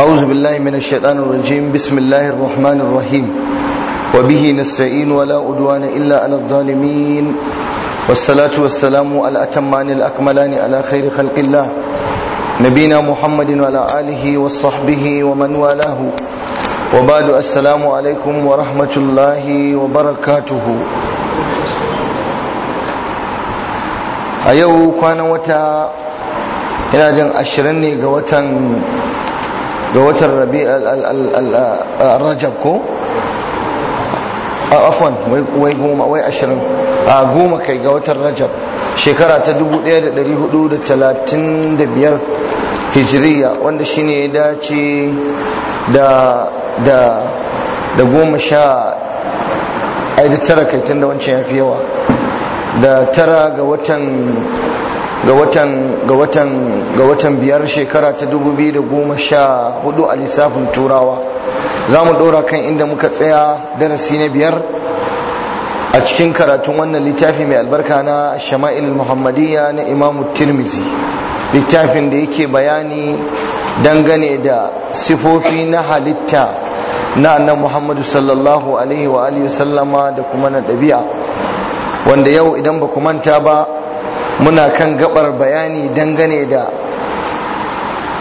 أعوذ بالله من الشيطان الرجيم بسم الله الرحمن الرحيم وبه نستعين ولا عدوان إلا على الظالمين والصلاة والسلام على الأتمان الأكملان على خير خلق الله نبينا محمد وعلى آله وصحبه ومن والاه وبعد السلام عليكم ورحمة الله وبركاته أيوه كان وتا ina jin ashirin ne ga watan ga watan rabi rajab ko afon wai goma wai ashirin a goma kai ga watan rajab shekara ta 1435 hijiriya wanda shi ne ya dace da da da goma sha ai tara kai tun da wancan ya fi yawa da tara ga watan ga watan shekara ta biyar shekara ta 2014 a lissafin turawa za mu dora kan inda muka tsaya darasi na biyar a cikin karatun wannan littafi mai albarka na shama'il muhammadiyya na imamu tirmizi littafin da yake bayani dangane da sifofi na halitta na annan muhammadu sallallahu alaihi wa alihi sallama da kuma na ɗabi'a wanda yau idan ba ku manta ba muna kan gabar bayani dangane da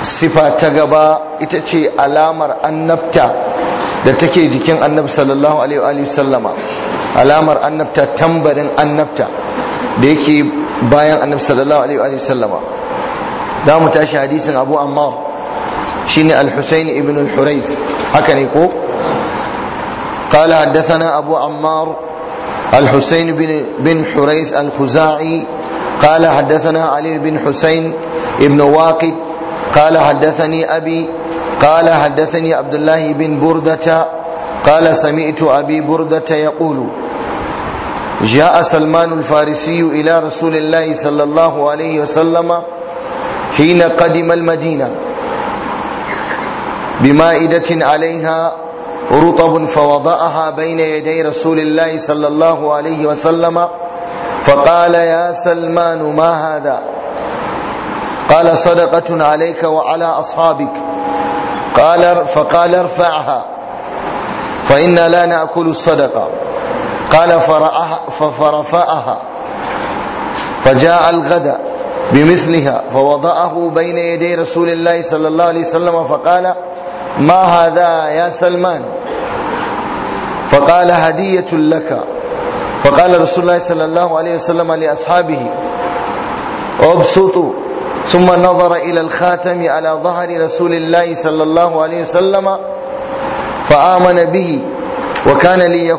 sifa ta gaba ita ce alamar annabta da take jikin annab sallallahu alaihi sallama alamar annabta tambarin annabta da yake bayan annab sallallahu alaihi sallama da mu tashi hadisin abu ammar shine al-husayn ibn al-hurayth haka ne ko قال حدثنا أبو عمار الحسين بن, بن حريث الخزاعي قال حدثنا علي بن حسين ابن واقد قال حدثني أبي قال حدثني عبد الله بن بردة قال سمعت أبي بردة يقول جاء سلمان الفارسي إلى رسول الله صلى الله عليه وسلم حين قدم المدينة بمائدة عليها رطب فوضعها بين يدي رسول الله صلى الله عليه وسلم فقال يا سلمان ما هذا قال صدقة عليك وعلى أصحابك قال فقال ارفعها فإنا لا نأكل الصدقة قال فرفعها فجاء الغداء بمثلها فوضعه بين يدي رسول الله صلى الله عليه وسلم فقال ما هذا يا سلمان فقال هدية لك فقال رسول الله صلى الله عليه وسلم لأصحابه ابسطوا ثم نظر إلى الخاتم على ظهر رسول الله صلى الله عليه وسلم فآمن به وكان لي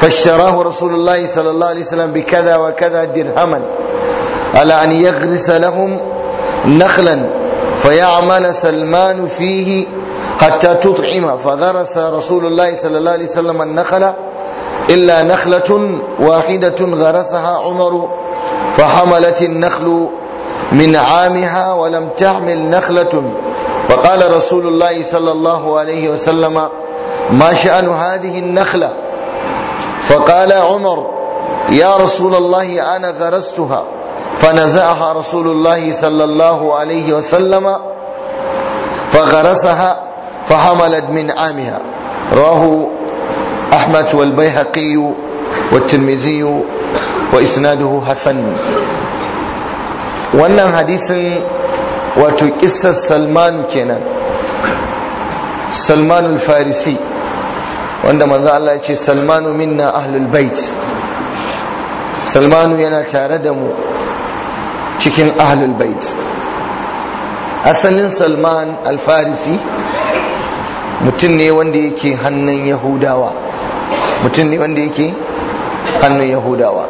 فاشتراه رسول الله صلى الله عليه وسلم بكذا وكذا درهما على أن يغرس لهم نخلا فيعمل سلمان فيه حتى تطعم فغرس رسول الله صلى الله عليه وسلم النخل إلا نخلة واحدة غرسها عمر فحملت النخل من عامها ولم تحمل نخلة فقال رسول الله صلى الله عليه وسلم ما شأن هذه النخلة فقال عمر يا رسول الله أنا غرستها فنزعها رسول الله صلى الله عليه وسلم فغرسها فحملت من عامها رواه أحمد والبيهقي والترمذي وإسناده حسن wannan hadisin wato kissar salmanu kenan salmanu farisi wanda manzo Allah ya ce salmanu minna ahlul bait salmanu yana tare da mu cikin ahlul bait asalin salman alfarisi mutum ne wanda yake hannun yahudawa mutum ne wanda yake hannun yahudawa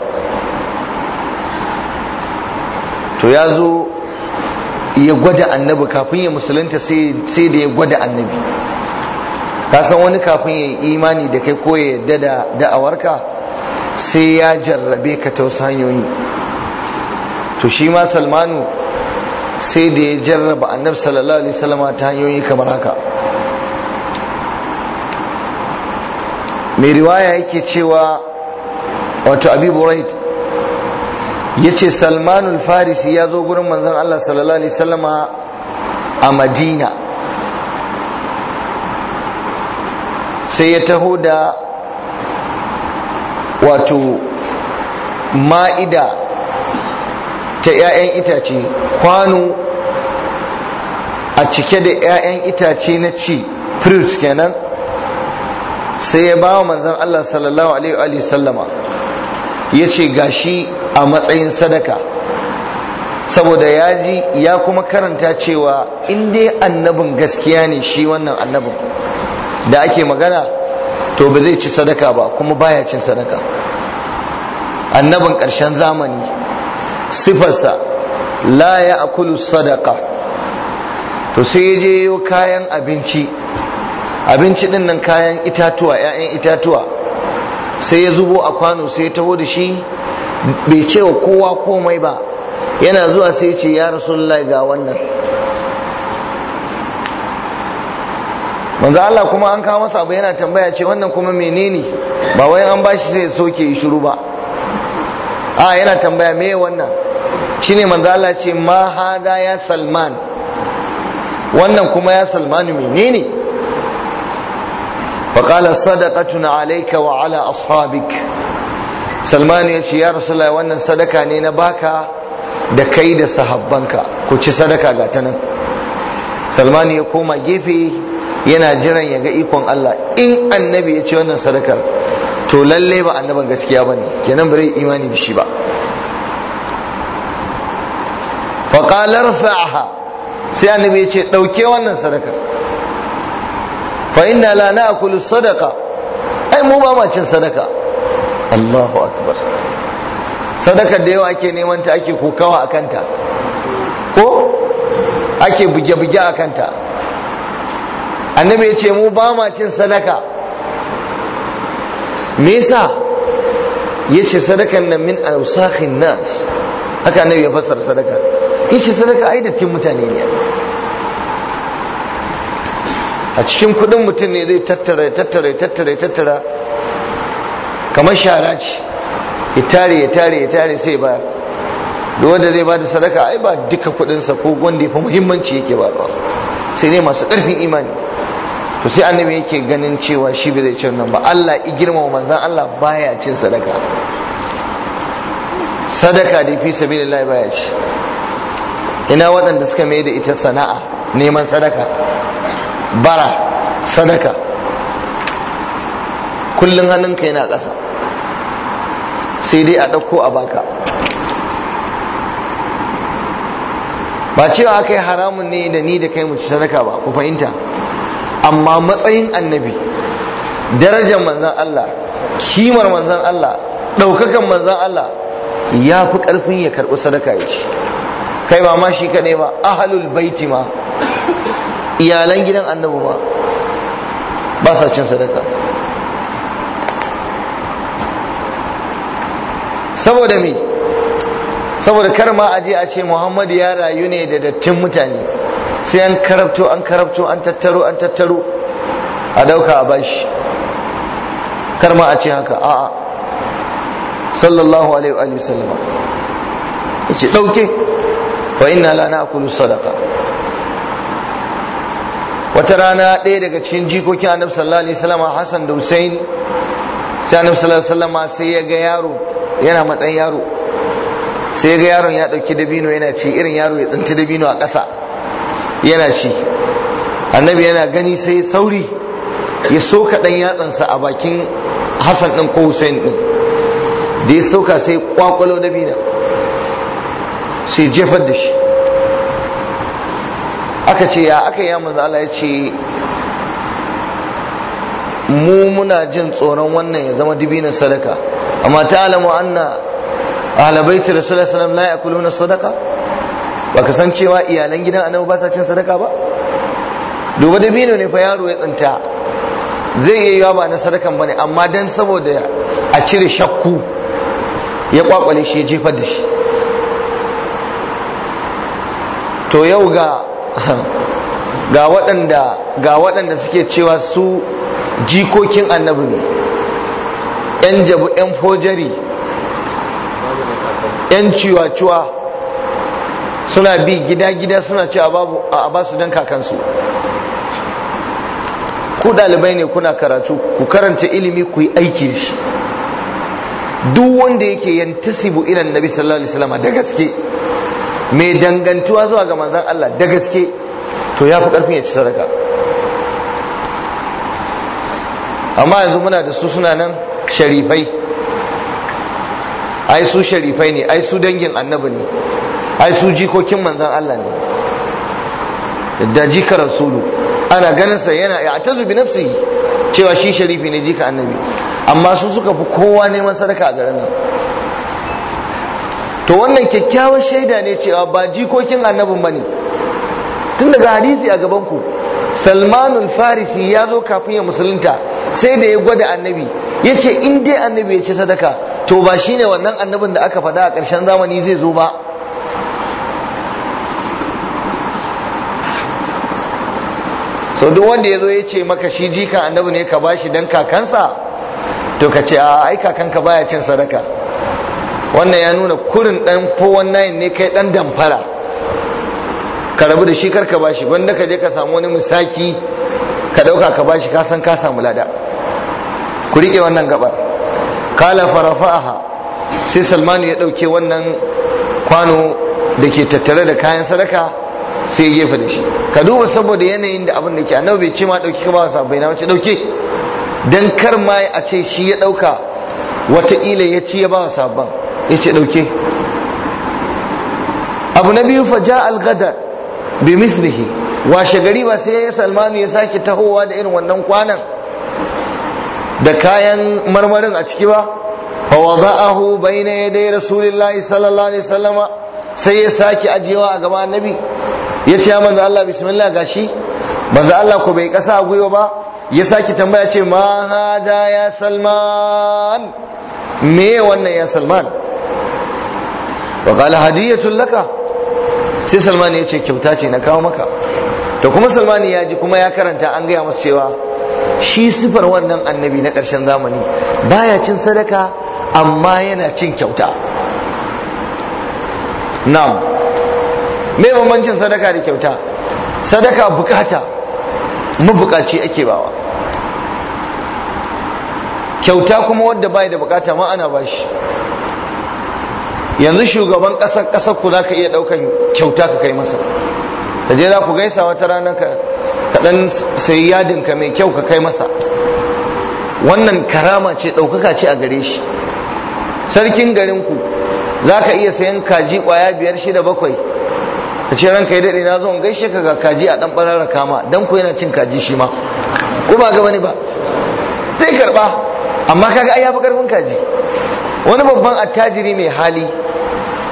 to ya zo ya gwada annabi kafin ya musulunta sai da ya gwada annabi ka san wani kafin ya yi imani da kai ko ya yadda da da'awarka sai ya jarrabe ka ta wasu hanyoyi to shi ma salmanu sai da ya jarraba annabi sallallahu alaihi wasallama ta hanyoyi kamar haka mai riwaya yake cewa wato abi ya ce salmanul farisi ya zo gurin manzon Allah sallallahu alaihi wasallama a madina sai ya taho da wato ma'ida ta 'ya'yan itace kwano a cike da 'ya'yan itace na ci fruits kenan sai ya ba wa manzon Allah sallallahu alaihi wa sallama ya ce gashi a matsayin sadaka saboda ya ji ya kuma karanta cewa in dai annabin gaskiya ne shi wannan annabin da ake magana to ba zai ci sadaka ba kuma baya cin sadaka annabin ƙarshen zamani sifarsa la ya akulu sadaka to sai ya je kayan abinci abinci din nan kayan itatuwa 'ya'yan itatuwa sai ya zubo a kwano sai ya taho da shi bai ce wa kowa komai ba yana zuwa sai ya ce ya rasulullahi ga wannan manzo Allah kuma an kawo masa abu yana tambaya ce wannan kuma menene ba wai an bashi sai ya soke yi shiru ba a yana tambaya me wannan shine manzo Allah ce ma hada ya salman wannan kuma ya salmanu menene faƙala sadaqatun alaika wa ala ashabik salman ya ce ya rasulullah wannan sadaka ne na baka da kai da sahabbanka ku ci sadaka ga ta nan ya koma gefe yana jiran ya ga ikon Allah in annabi ya ce wannan sadakar to lalle ba annaban gaskiya bane kenan bare imani da shi ba faƙalar fa'aha sai annabi ya ce ɗauke wannan sadakar fa inna la na'kulu sadaqa ai mu ba cin sadaka Allahu akbar sadaka da yawa ake neman ta ake kokawa akan ta ko ake buge-buge akan ta annabi ya ce mu ba cin sadaka me yasa ya ce sadakan nan min ausakhin haka ya fassara sadaka ya ce sadaka ai dattin mutane ne a cikin kudin mutum ne zai tattara tattara tattara tattara kamar shara ce ya tare ya tare ya tare sai ba da zai ba sadaka ai ba duka kudinsa ko wanda ya fi muhimmanci yake ba ba sai ne masu karfin imani to sai annabi yake ganin cewa shi bai zai cin nan ba Allah i girmama manzon Allah baya cin sadaka sadaka da fi sabilillah baya ci ina waɗanda suka mai da ita sana'a neman sadaka bara sadaka kullum hannunka yana ƙasa sai dai a ɗauko a baka ba cewa aka yi haramun ne da ni da kai mu ci sadaka ba ku fahimta amma matsayin annabi darajar manzan Allah kimar manzan Allah ɗaukakan manzan Allah ya fi ƙarfin ya karɓi sadaka ya ci kai ba ma shi kaɗai ba ahalul baiti ma iyalan gidan annabi ba ba sa cin sadaka saboda me saboda kar ma a je a ce muhammadu ya rayu ne da dattin mutane sai an karabto an karabto an tattaro an tattaro a dauka a bashi kar ma a ce haka a'a sallallahu alaihi wa sallama ce dauke wa inna la akulu sadaka. wata rana ɗaya daga cikin jikokin annabi sallallahu alaihi wasallam Hassan da Hussein sai annabi sallallahu alaihi wasallam sai ya ga yaro yana matsayin yaro sai ya ga yaron ya dauki dabino yana ci irin yaro ya tsinci dabino a ƙasa yana ci annabi yana gani sai sauri ya soka dan yatsansa a bakin Hassan din ko Hussein din da ya soka sai kwakwalo dabino sai jefar da shi aka ce ya aka ya manzo Allah ya ce mu muna jin tsoron wannan ya zama na sadaka amma ta'lamu anna ahla baiti rasulullahi sallallahu alaihi wasallam la sadaka baka san cewa iyalan gidan annabi ba sa cin sadaka ba duba dabino ne fa yaro ya tsinta zai iya yiwa ba na sadakan ne amma dan saboda a cire shakku ya kwakwale shi ya jefar da shi to yau ga ga waɗanda ga waɗanda suke cewa su jikokin annabi ne yan jabu yan fojari yan ciwa-ciwa suna bi gida-gida suna cewa babu a basu don kakansu ku ɗalibai ne kuna karatu ku karanta ilimi ku yi aiki shi duk wanda yake yantasibu ilan nabi sallallahu alaihi wasallam da gaske mai dangantuwa zuwa ga manzan Allah da gaske to ya fi karfin ya ci sadaka amma yanzu muna da su suna nan sharifai ai su sharifai ne ai su dangin annabi ne ai su jikokin manzan Allah ne da jikar rasulu ana ganin sa yana ya ta zubi nafsi cewa shi sharifi ne jika annabi amma su suka fi kowa neman sadaka a garin nan to wannan kyakkyawar shaida ne cewa ba jikokin annabin ba ne? tun daga hadisi a gabanku, salmanul farisi ya zo kafin ya musulunta sai da ya gwada annabi ya ce in dai annabi ya ci sadaka to ba shi ne wannan annabin da aka faɗa a ƙarshen zamani zai zo ba so duk wanda ya zo ya ce maka shi jikan annabi ne ka bashi dan kakansa to ka ce a ai kakanka baya cin sadaka wannan ya nuna kurin dan wannan ne kai dan damfara ka rabu da shi kar ka bashi banda ka je ka samu wani misaki ka dauka ka bashi ka ka samu lada ku rike wannan gabar kala farafa'aha sai salmanu ya dauke wannan kwano da ke tattare da kayan sadaka sai ya gefe da shi ka duba saboda yanayin da abin da ke annabi bai ce ma dauki ka ba sa bai na wace dauke dan kar ma a ce shi ya dauka wataƙila ya ci ya ba wa sabon ya ce ɗauke abu na biyu faja al-gadar bi mislihi washe gari ba sai ya salmanu ya sake tahowa da irin wannan kwanan da kayan marmarin a ciki ba fa wada'ahu bayna yaday rasulillahi sallallahu alaihi wasallama sai ya sake ajiyewa a gaban annabi ya ce da Allah bismillah gashi manzo Allah ko bai kasa gwiwa ba ya sake tambaya ce ma hada ya salman me wannan ya salman wa qala ya laka sai salmani ya ce kyauta ce na kawo maka to kuma salmani ya ji kuma ya karanta an gaya masa cewa shi sifar wannan annabi na ƙarshen zamani baya cin sadaka amma yana cin kyauta na'am me bambancin sadaka da kyauta sadaka bukata bukaci ake bawa kyauta kuma wadda bai da bukata ma ana bashi yanzu shugaban ƙasar ƙasar ku za ka iya ɗaukan kyauta ka kai masa da je za ku gaisa wata rana ka sayi yadin ka mai kyau ka kai masa wannan karama ce ɗaukaka ce a gare shi sarkin garin ku za ka iya sayan kaji ƙwaya biyar shida bakwai ka ce ranka yi daɗe na zo gaishe ka ga kaji a ɗan ɓarar kama don ku yana cin kaji shi ma ko ba ga wani ba sai karɓa amma kaga ai ya ƙarfin kaji wani babban attajiri mai hali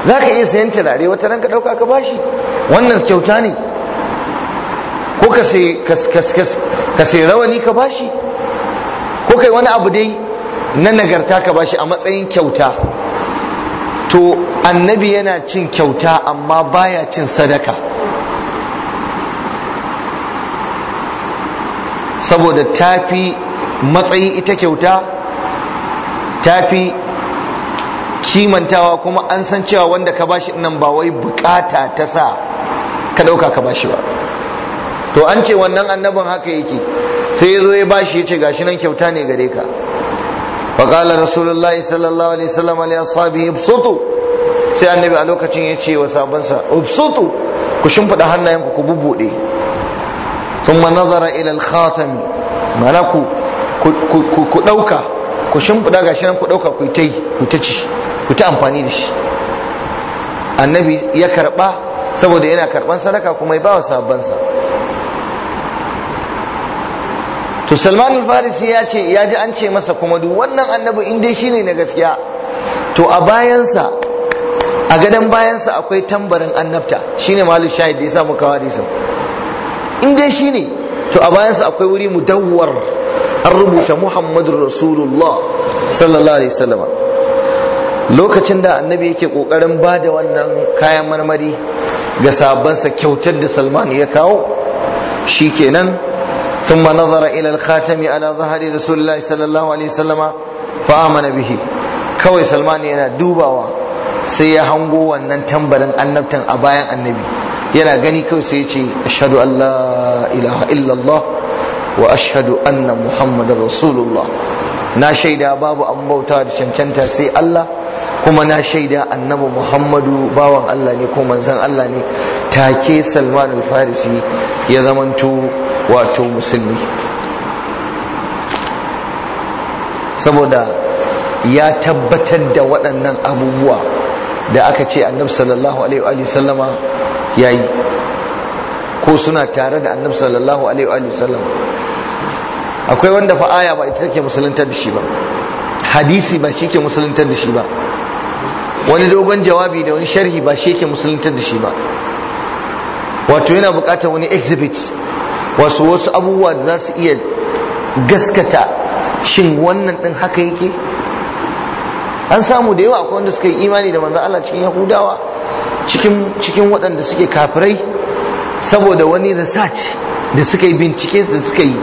za ka iya sayan turare wata ranka ɗauka ka bashi wannan kyauta ne ko ka sai rawani ka bashi ko kai wani abu dai na nagarta ka bashi a matsayin kyauta to annabi yana cin kyauta amma baya cin sadaka saboda tafi matsayi ita kyauta tafi kimantawa kuma an san cewa wanda ka bashi nan ba wai bukata ta sa ka dauka ka bashi ba to an ce wannan annabin haka yake sai yazo ya bashi yace gashi nan kyauta ne gare ka fa qala rasulullahi sallallahu alaihi wasallam li ashabihi ibsutu sai annabi a lokacin yace wa sabansa ibsutu ku shimfida hannayenku ku bubbude thumma nazara ila al-khatam malaku ku dauka ku shimfida gashi nan ku dauka ku tai ku ta ci ku ta amfani da shi annabi ya karba saboda yana karban sadaka kuma ya bawa sa. to salman al-farisi ya ce ya ji an ce masa kuma duk wannan annabi in dai shine na gaskiya to a bayansa a gadon bayansa akwai tambarin annabta shine malu shahid da ya samu kawo hadisin in dai shine to a bayansa akwai wuri mudawwar an rubuta muhammadur rasulullah sallallahu alaihi wasallam lokacin da annabi yake kokarin ba da wannan kayan marmari ga sabansa kyautar da salman ya kawo shi kenan ثم نظر إلى الخاتم على ظهر رسول الله صلى الله عليه وسلم فآمن به كوي سلمان yana dubawa sai ya hango wannan tambarin annabtan a bayan annabi yana gani kawai sai ya ce ashhadu an la ilaha illallah wa ashhadu anna muhammadar rasulullah na shaida babu an bauta da cancanta sai Allah kuma na shaida annabi Muhammadu bawan Allah ne ko manzon Allah ne take Salman al-Farisi ya zamanto wato musulmi saboda ya tabbatar da waɗannan abubuwa da aka ce annabi sallallahu alaihi wa sallama yayi ko suna tare da annabi sallallahu alaihi wa sallama akwai wanda fa aya ba ita take musuluntar da shi ba hadisi ba shi ke musuluntar da shi ba wani dogon jawabi da wani sharhi ba shi ke musuluntar da shi ba wato yana bukatar wani exhibit wasu wasu abubuwa da za su iya gaskata shin wannan din haka yake an samu da yawa akwai wanda suka yi imani da manzo Allah cikin yahudawa cikin cikin waɗanda suke kafirai saboda wani research da suka yi bincike da suka yi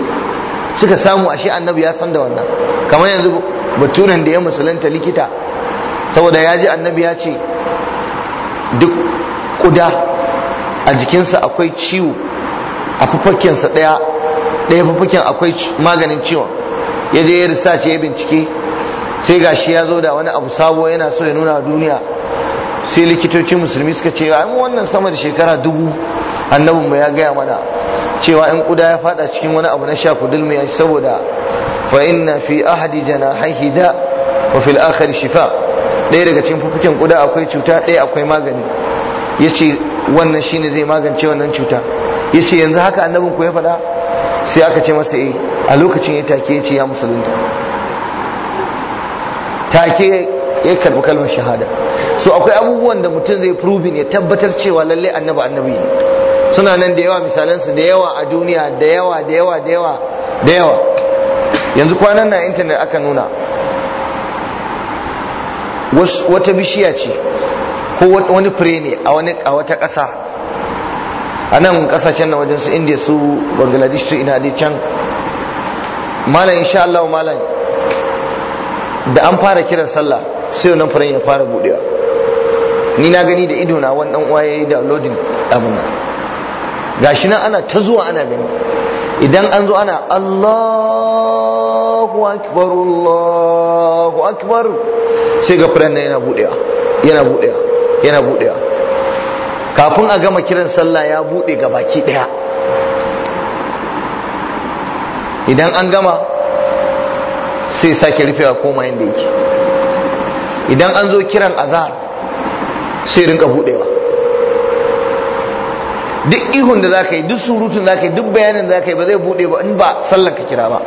suka samu a shi annabi ya san da wannan kamar yanzu baturen da ya musulunta likita saboda ya ji annabi ya ce duk kuda a jikinsa akwai ciwo a fufakensa ɗaya ɗaya akwai maganin ciwon ya je ya risa ce ya bincike sai gashi ya zo da wani abu sabo yana so ya nuna duniya sai likitoci musulmi suka ce ai mu wannan sama da shekara dubu annabin mu ya gaya mana cewa in kuda ya fada cikin wani abu na sha ku dulmiya saboda fa inna fi ahadi jana da wa fil akhir shifa ɗaya daga cikin fufukin kuda akwai cuta ɗaya akwai magani yace wannan shine zai magance wannan cuta yace yanzu haka annabin ku ya faɗa sai aka ce masa eh a lokacin ya take yace ya musulunta take ya karbi kalmar shahada so akwai abubuwan da mutum zai proving ya tabbatar cewa lalle annabi annabi ne suna nan da yawa misalansu da yawa a duniya da yawa da yawa da yawa da yawa yanzu kwanan na intanet aka nuna wata bishiya ce ko wani fure ne a wata ƙasa a nan ƙasashen na wajen su indiya su bangladesh su ina dai can malam insha Allah malam da an fara kiran sallah sai wannan furen ya fara budewa ni na gani da ido na wani dan uwa yi da loading abin nan gashi nan ana ta zuwa ana gani idan an zo ana Allahu akbar Allahu akbar sai ga furen yana budewa yana budewa yana budewa kafin a gama kiran sallah ya bude ga baki daya idan an gama sai sake rufewa koma yadda yake idan an zo kiran azhar sai rinka budewa duk ihun da zaka yi duk surutun zaka yi duk bayanin da zaka yi ba zai bude ba in ba sallar ka kira ba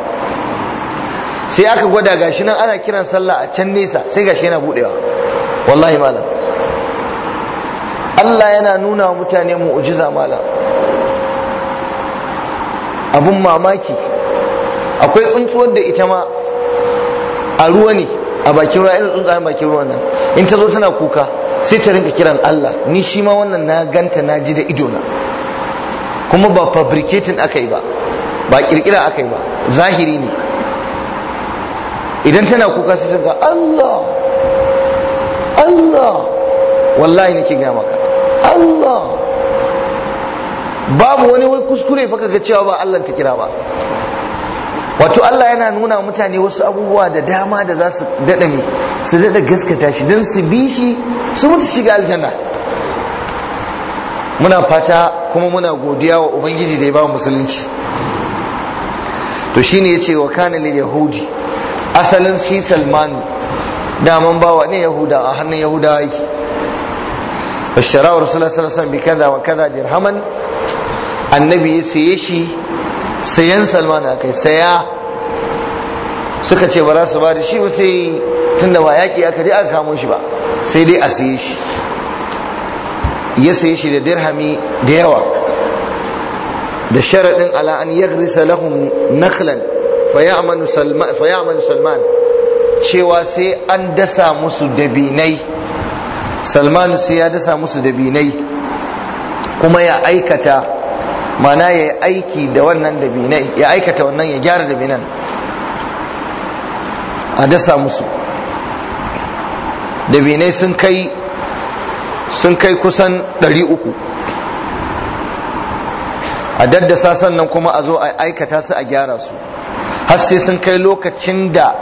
sai aka gwada gashi nan ana kiran sallah a can nesa sai gashi yana budewa wallahi malam Allah yana nuna wa mutane mu'jiza malam abun mamaki akwai tsuntsuwar da ita ma a ruwa ne a bakin ruwa ina irin a bakin ruwan nan in ta zo tana kuka sai ta rinka kiran Allah ni shi ma wannan na ganta na ji da idona kuma ba fabricating aka yi ba ba kirkira aka yi ba zahiri ne idan tana kuka sai ga Allah Allah wallahi nake gaya maka Allah babu wani wai kuskure baka ga cewa ba Allah ta kira ba wato Allah yana nuna mutane wasu abubuwa da dama da za su daɗa su daɗa gaskata shi don su bi shi su mutu shiga aljanna muna fata kuma muna godiya wa ubangiji da ya ba musulunci to shine yace wa kana lil yahudi asalin shi salman daman bawa ne yahuda a hannun yahuda yake bashara rasulullah sallallahu alaihi wasallam bi kaza wa kaza dirhaman annabi ya saye shi sayan salman akai saya suka ce ba za su ba da shi ba sai tunda ba yaki aka je aka kamo shi ba sai dai a saye shi ya saye shi da dirhami da yawa da sharaɗin ala an yaghrisa lahum nakhlan fayamalu salman cewa sai an dasa musu dabinai salmanu sai ya dasa musu dabinai kuma ya aikata mana ya yi aiki da wannan dabinai ya aikata wannan ya gyara dabinan a dasa musu dabinai sun kai sun kai kusan 300 a daddasa sannan kuma a zo a aikata su a gyara su har sai sun kai lokacin da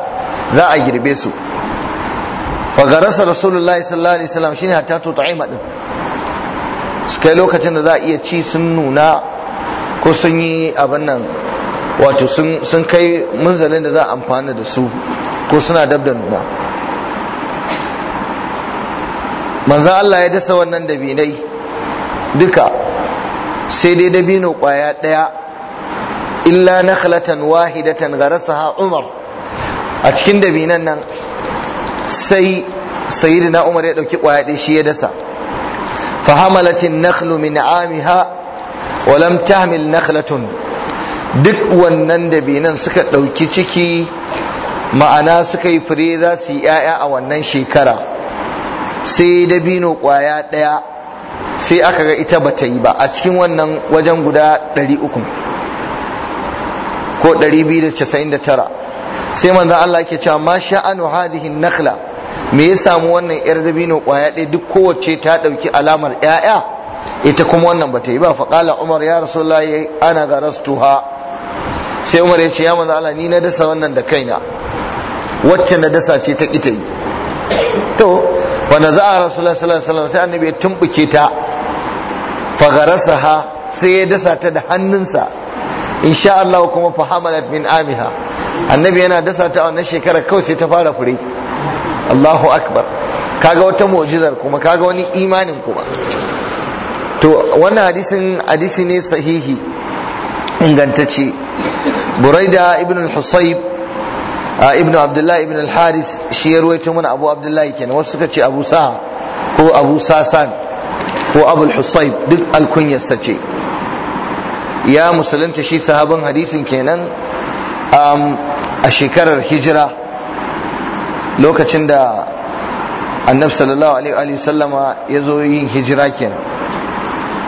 za a girbe su fagarasa rasulullahi sallallahu alaihi wasallam shine hatta to ta'ima din su kai lokacin da za a iya ci sun nuna ko sun yi abin nan wato sun kai munzalin da za a amfana da su ko suna dab da nuna manzan Allah ya dasa wannan dabinai duka sai dai dabino kwaya ɗaya illa nakhlatan wahidatan ha umar a cikin dabinan nan sai na umar ya ɗauki kwaya ɗaya shi ya dasa fahamalatin nakhlu min amiha walam tahmil nakhlatun duk wannan dabinan suka ɗauki ciki ma'ana suka yi fure za su yi 'ya'ya a wannan shekara sai dabino kwaya ɗaya sai aka ga ita bata yi ba a cikin wannan wajen guda 300 ko 299 sai manzan Allah ke cewa ma sha'anu hadihin nakhla me ya samu wannan yar dabino kwaya ɗaya duk kowace ta ɗauki alamar 'ya'ya ita kuma wannan bata yi ba faƙala umar ya rasulullahi ana garastuha sai umar ya ce ya manzo Allah ni na dasa wannan da kaina wacce na dasa ce ta ita yi to wanda za a rasulullah sallallahu sai annabi ya tumbuke ta ha, sai ya dasa ta da hannunsa insha Allah kuma fahamalat min amiha annabi yana dasa ta wannan shekara kawai sai ta fara fure Allahu akbar kaga wata mu'jizar kuma kaga wani imanin kuma to wannan hadisin hadisi ne sahihi ingantacce buraida ibn al-husayb ibn abdullahi ibn al-haris shi ya ruwaito mana abu abdullahi kenan wasu suka ce abu saha ko abu sasan ko abu husayb duk alkunyarsa ce ya musulunta shi sahabin hadisin kenan um, a shekarar hijira lokacin da annabi sallallahu alaihi wa sallama ya zo yin hijira kenan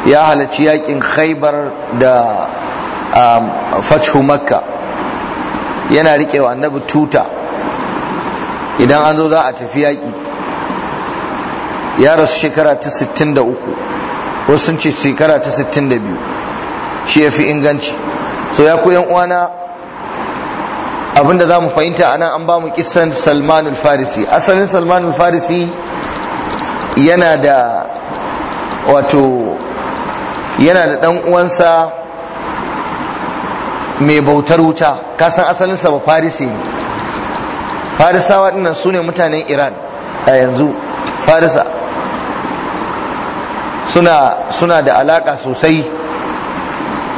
ya halarci yakin khaibar da um, fathu makka yana riƙewa wa annabi tuta idan an zo za a tafi yaƙi ya rasu shekara ta 63 wasu sun ce shekara ta 62 shi ya fi inganci so ya koyan uwana abinda za mu fahimta a an ba mu kisan salman farisi asalin salman farisi yana da wato yana da ɗan uwansa mai bautar wuta kasan asalinsa ba farisi ne farisawa dinnan su ne mutanen iran a yanzu farisa suna suna da alaka sosai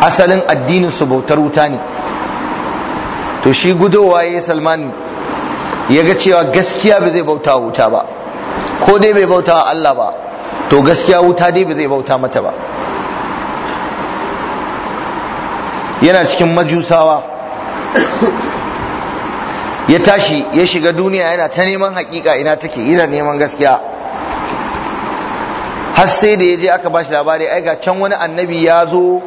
asalin addinin su bautar wuta ne to shi gudowa ya salman ya ga cewa gaskiya ba zai bauta wuta ba ko dai bai bauta Allah ba to gaskiya wuta dai ba zai bauta mata ba yana cikin majusawa ya tashi ya shiga duniya yana ta neman hakika ina take yana neman gaskiya har sai da ya je aka bashi labari ai ga can wani annabi ya zo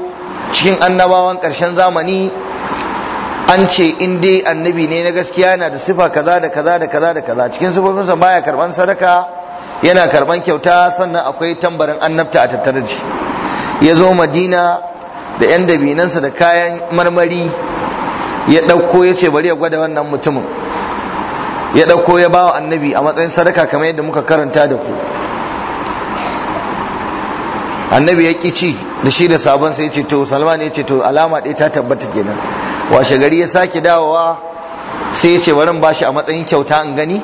cikin annabawan karshen zamani an ce in dai annabi ne na gaskiya yana da sifa kaza da kaza da kaza da kaza cikin sifofinsa baya karban sadaka yana karban kyauta sannan akwai tambarin annabta a tattare da shi ya zo madina da 'yan dabinansa da kayan marmari ya ɗauko ya ce bari ya gwada wannan mutumin ya ɗauko ya bawa annabi a matsayin sadaka kamar yadda muka karanta da ku annabi ya ƙi ci da shi da sabon sai ya ce to salman ya ce to alama ɗaya ta tabbata kenan washe gari ya sake dawowa sai ya ce barin bashi a matsayin kyauta in gani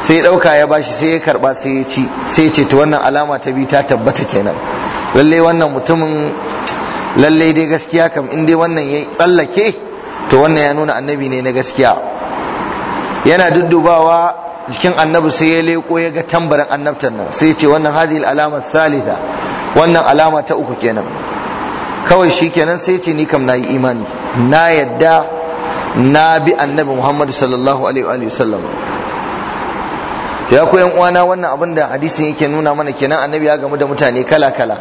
sai ya ɗauka ya bashi sai ya karɓa sai ya ci sai ya ce to wannan alama ta biyu ta tabbata kenan lallai wannan mutumin lallai dai gaskiya kam in dai wannan ya tsallake to wannan ya nuna annabi ne na gaskiya yana duddubawa jikin annabi sai ya leko ya ga tambarin annabtan nan sai ya ce wannan hadhihi alama salida wannan alama ta uku kenan kawai shi kenan sai ce ni kam nayi imani na yadda na bi annabi Muhammad sallallahu alaihi wa sallam ya ku yan uwana wannan abin da hadisin yake nuna mana kenan annabi ya gamu da mutane kala kala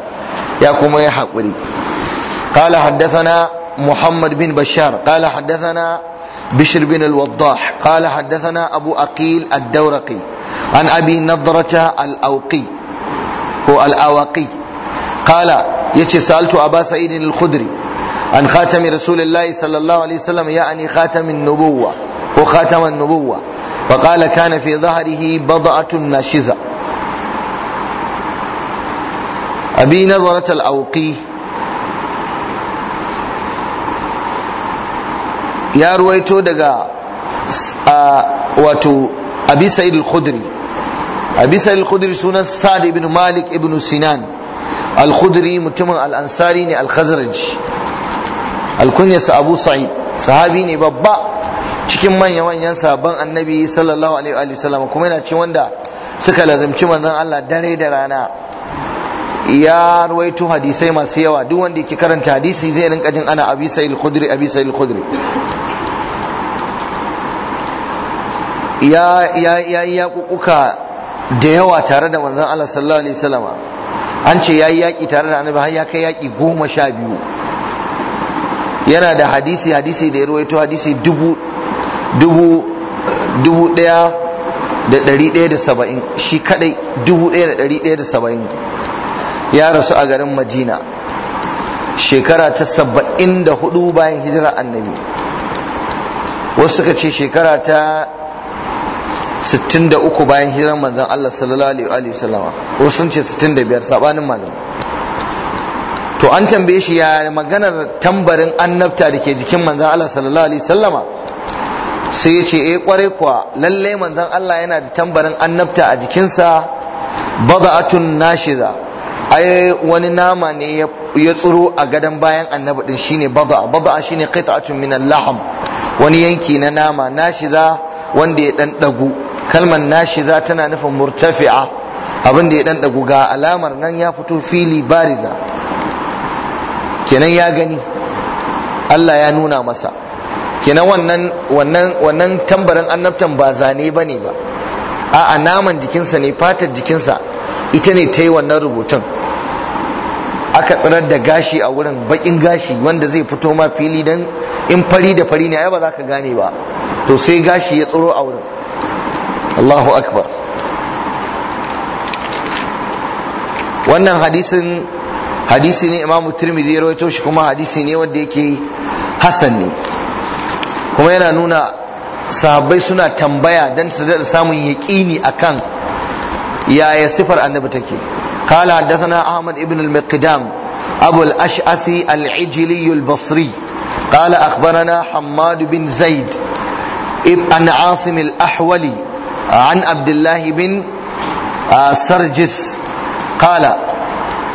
ya kuma ya haƙuri قال حدثنا محمد بن بشار قال حدثنا بشر بن الوضاح قال حدثنا أبو أقيل الدورقي عن أبي نضرة الأوقي هو الأواقي قال يتي سألت أبا سعيد الخدري عن خاتم رسول الله صلى الله عليه وسلم يعني خاتم النبوة وخاتم النبوة وقال كان في ظهره بضعة ناشزة أبي نظرة الأوقي ya ruwaito daga wato abi sa'id al-khudri abi sa'id al-khudri sunan sa'd ibn malik ibn sinan al-khudri mutumin al-ansari ne al-khazraj al sa abu sa'id sahabi ne babba cikin manyan manyan sabon annabi sallallahu alaihi wa sallam kuma yana ce wanda suka lazimci manzon Allah dare da rana ya ruwaito hadisai masu yawa duk wanda yake karanta hadisi zai rinka jin ana abi sa'il khudri abi sa'il khudri ya ya ya ya kukuka da yawa tare da manzon Allah sallallahu alaihi wasallam an ce yayi yaki tare da annabi har ya kai yaki goma sha biyu yana da hadisi hadisi da ya ruwaito hadisi dubu dubu dubu daya da ɗari ɗaya da saba'in shi kadai dubu ɗaya da ɗari ɗaya da saba'in ya rasu a garin madina shekara ta saba'in da hudu bayan hijira annabi wasu suka ce shekara ta sittin da uku bayan hijirar manzon Allah sallallahu alaihi Wasallama, wasu sun ce sittin da biyar sabanin malam to an tambaye shi ya maganar tambarin annabta da ke jikin manzon Allah sallallahu alaihi Wasallama, sai ya ce eh kwarai kuwa lallai manzon Allah yana da tambarin annabta a jikinsa bada'atun nashiza ai wani nama ne ya tsiro a gadon bayan annabi din shine bada bada shine qit'atun min al-lahm wani yanki na nama nashiza wanda ya dan dagu kalmar nashiza tana nufin murtafi'a abin ya dan dagu ga alamar nan ya fito fili bariza kenan ya gani Allah ya nuna masa kenan wannan wannan wannan tambarin annabtan ba zane bane ba a'a naman jikinsa ne fatar jikinsa ita ne ta yi wannan rubutun aka tsirar da gashi a wurin bakin gashi wanda zai fito ma fili dan in fari da fari ne ai ba za ka gane ba to sai gashi ya tsiro a wurin Allahu akbar wannan hadisin hadisi ne imamu tirmidhi ya rawaito shi kuma hadisi ne wanda yake Hassan ne kuma yana nuna sahabbai suna tambaya dan su da samun yaqini akan yaya sifar annabi take قال حدثنا أحمد بن المقدام أبو الأشعث العجلي البصري قال أخبرنا حماد بن زيد عن عاصم الأحولي عن عبد الله بن سرجس قال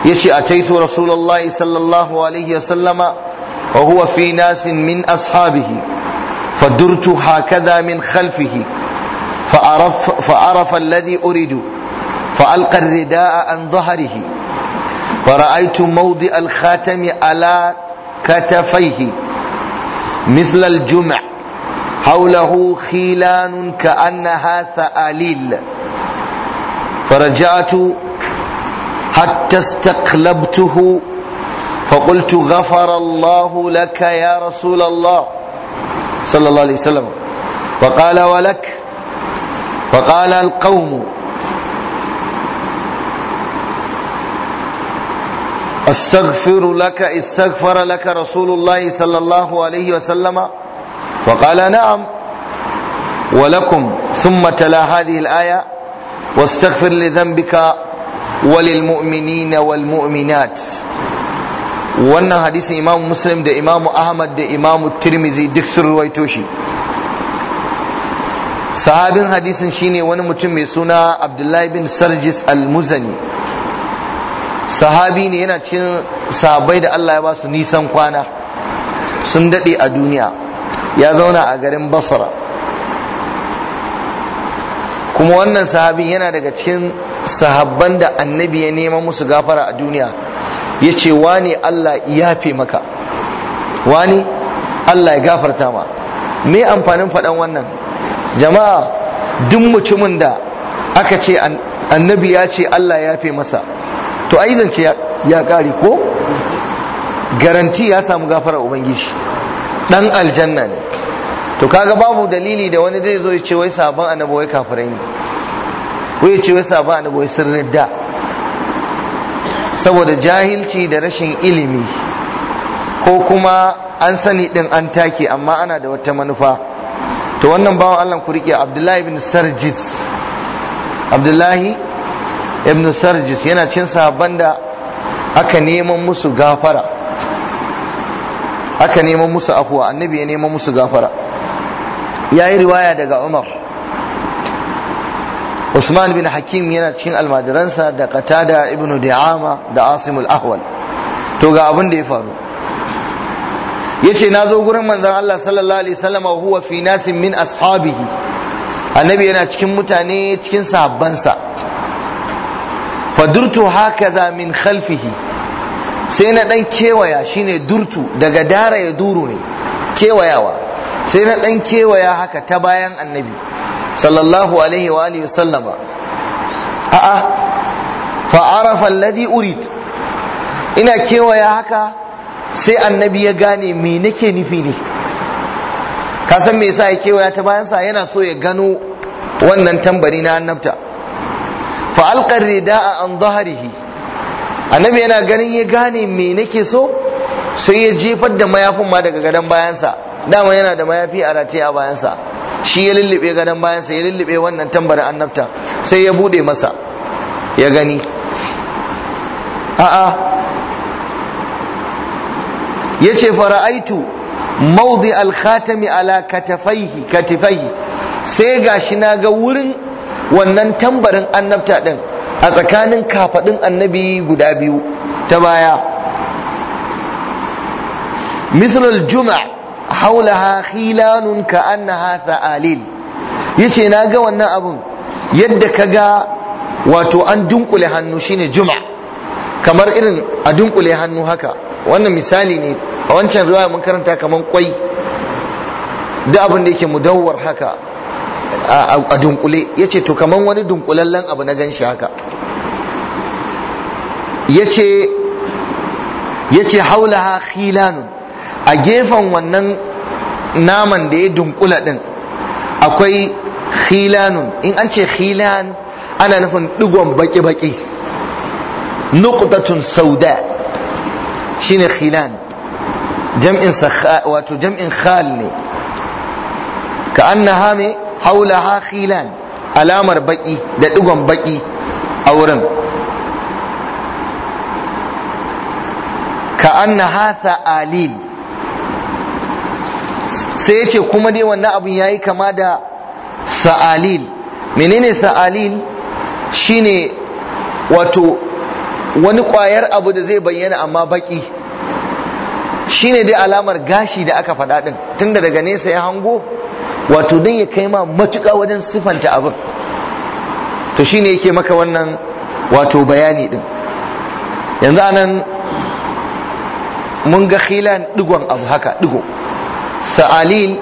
يشي أتيت رسول الله صلى الله عليه وسلم وهو في ناس من أصحابه فدرت هكذا من خلفه فعرف, فعرف الذي أريد فألقى الرداء عن ظهره فرأيت موضع الخاتم على كتفيه مثل الجمع حوله خيلان كأنها ثآليل فرجعت حتى استقلبته فقلت غفر الله لك يا رسول الله صلى الله عليه وسلم فقال ولك فقال القوم أستغفر لك استغفر لك رسول الله صلى الله عليه وسلم وقال نعم ولكم ثم تلا هذه الآية واستغفر لذنبك وللمؤمنين والمؤمنات wannan hadisin imamu muslim da imamu ahmad da imamu tirmizi duk sun ruwaito shi sahabin hadisin shine wani mutum mai suna abdullahi bin sarjis al-muzani sahabi ne yana cin sahabai da Allah ya ba su nisan kwana sun daɗe a duniya ya zauna a garin basra kuma wannan sahabi yana daga cikin sahabban da annabi ya nema musu gafara a duniya ya ce wani Allah ya fi maka wani Allah ya gafarta ma me amfanin faɗan wannan jama'a duk mutumin da aka ce annabi ya ce Allah ya fi masa to ai zance ya kare ko garanti ya samu gafara ubangiji dan aljanna ne to kaga babu dalili da wani zai zo ya ce wai sabon annabi wai kafirai ne ko ya ce wai sabon annabi wai sirrin da saboda jahilci da rashin ilimi ko kuma an sani din an take amma ana da wata manufa to wannan bawan Allah ku rike Abdullahi ibn Sarjis Abdullahi ibn sarjis yana cin sahabban da aka neman musu gafara aka neman musu afuwa annabi ya neman musu gafara ya yi riwaya daga umar usman bin hakim yana cikin almajiransa da da ibn di'ama da asimul ahwal to ga abin da ya faru yace na zo gurin manzan Allah sallallahu alaihi wasallam huwa fi nasin min ashabihi annabi yana cikin mutane cikin sahabbansa fadurtu hakaza min khalfihi sai na dan kewaya shine durtu daga dara ya duru ne kewayawa sai na dan kewaya haka ta bayan annabi sallallahu alaihi wa alihi sallama a'a fa arafa alladhi urid ina kewaya haka sai annabi ya gane me nake nufi ne ka san me yasa ya kewaya ta bayan sa yana so ya gano wannan tambari na annabta fa alqa ridaa an dhahrihi annabi yana ganin ya gane me nake so sai ya jefar da mayafin ma daga gadon bayansa dama yana da mayafi a rataye a bayansa shi ya lullube gadon bayansa ya lullube wannan tambarin annabta sai ya bude masa ya gani a'a ya ce fara'aitu maudi khatami ala katafaihi katifaihi sai gashi na ga wurin wannan tambarin annabta din a tsakanin kafadin annabi guda biyu ta baya misalul juma' haulaha khilanun ka annaha tha'alil yace na ga wannan abun yadda ka ga wato an dunkule hannu shine juma' kamar irin a dunkule hannu haka wannan misali ne a wancan riwaya mun karanta kamar kwai da abin da yake mudawwar haka a dunkule ya ce to kamar wani dunkulallen abu na gan shi haka ya ce haulaha khilanun a gefen wannan naman da ya dunkula din akwai khilanun in an ce khilan ana nufin digon baki-baki nuqtatun sauda shine khilan jam'in wato jam'in khal ne ka annaha me ha khilan alamar baki da digon baki a wurin ka anna hatha alil sai yace kuma dai wannan abun yayi kama da sa'alil menene sa'alil shine wato wani kwayar abu da zai bayyana amma baki shine dai alamar gashi da aka faɗa din tunda daga nesa ya hango wato don ya kai ma matuƙa wajen sifanta abin to shine yake maka wannan wato bayani din yanzu anan mun ga khilan digon abu haka digo sa'alil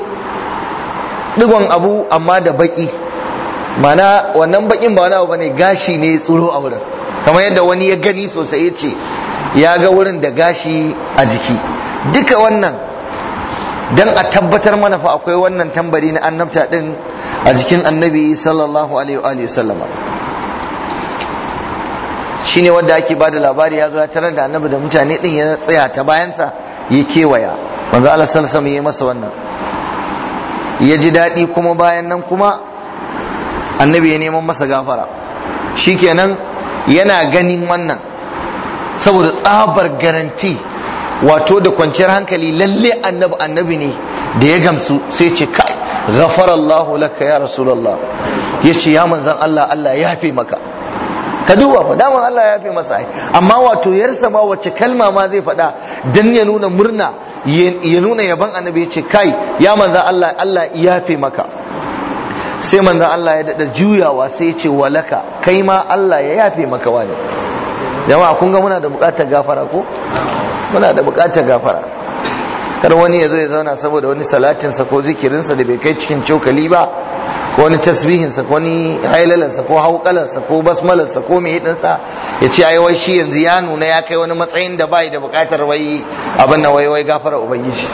digon abu amma da baki mana wannan baƙin ba wani abu bane gashi ne tsuro a wurin kamar yadda wani ya gani sosai ya ce ya ga wurin da gashi a jiki duka wannan dan a tabbatar mana fa akwai wannan tambari na annabta din a jikin annabi sallallahu alaihi wa sallama shine wanda ake bada labari ya zuwa tarar da annabi da mutane din ya tsaya ta bayansa ya kewaya manzo Allah sallallahu alaihi ya masa wannan ya ji daɗi kuma bayan nan kuma annabi ya neman masa gafara shikenan yana ganin wannan saboda tsabar garanti wato da kwanciyar hankali lalle annabi annabi ne da ya gamsu sai ce kai ghafarallahu laka ya rasulullah yace ya manzan Allah Allah ya yafe maka ka duba fa daman Allah ya fi masa amma wato yarsa ma wacce kalma ma zai faɗa dan ya nuna murna ya nuna yaban annabi ya ce kai ya manzan Allah Allah ya fi maka sai manzan Allah ya daɗa juyawa sai ya ce walaka kai ma Allah ya yafe maka wani jama'a kun ga muna da buƙatar gafara ko muna da buƙatar gafara kar wani ya zo ya zauna saboda wani salatin sa ko zikirinsa da bai kai cikin cokali ba ko wani tasbihinsa ko wani sa ko sa ko sa ko mai ɗinsa ya ce ai wai shi yanzu ya nuna ya kai wani matsayin da bai da bukatar wai abin nan wai wai gafara ubangiji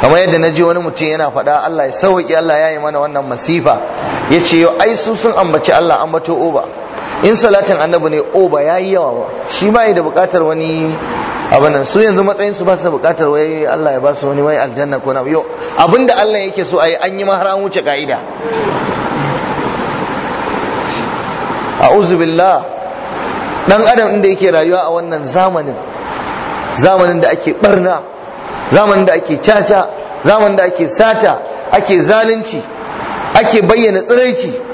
kamar yadda na ji wani mutum yana faɗa Allah ya sauƙi Allah ya yi mana wannan masifa ya ce ai su sun ambaci Allah ambato oba in salatin annabi ne o oh, ba yayi yawa ba shi ba da bukatar wani abin su yanzu matsayin su ba su bukatar wai Allah ya ba su wani wai aljanna ko na yo abinda Allah yake so ayi an yi ma wuce ka'ida a'udhu billah dan adam inda yake rayuwa a wannan zamanin zamanin da ake barna zamanin da ake caca zamanin da ake sata ake zalunci ake bayyana tsiraici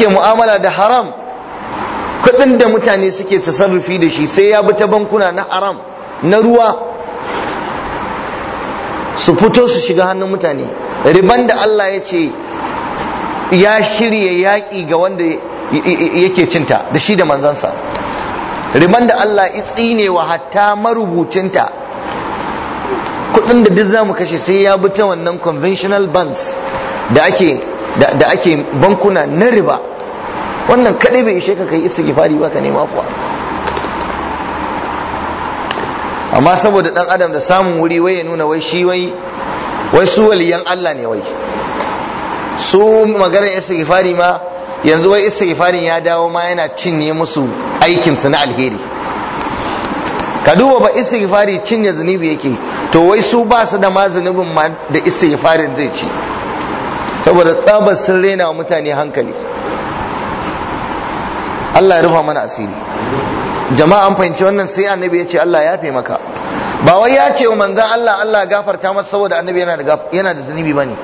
ake mu'amala da haram kudin da mutane suke tasarrufi da shi sai ya bi ta bankuna na haram na ruwa su fito su shiga hannun mutane riban da Allah ya ce ya shirya yaƙi ga wanda yake cinta da shi da manzansa riban da Allah ya tsine wa hatta marubucinta kudin da duk zamu kashe sai ya bi ta wannan conventional banks da ake da ake bankuna na riba wannan kadai bai ishe ka kai istighfari ba ka nema kuwa amma saboda dan adam da samun wuri wai ya nuna wai shi wai wai su waliyan Allah ne wai su maganar istighfari ma yanzu wai istighfarin ya dawo ma yana cinye musu aikinsu na alheri ka duba ba istighfari cinye zunubi yake to wai su ba su da ma zunubin ma da istighfarin zai ci saboda tsabar sun rena wa mutane hankali Allah ya rufa mana asiri jama'a an fahimci wannan sai annabi ya ce Allah ya fe maka ba wai ya ce wa manzan Allah Allah gafarta masa saboda annabi yana da yana da zunubi bane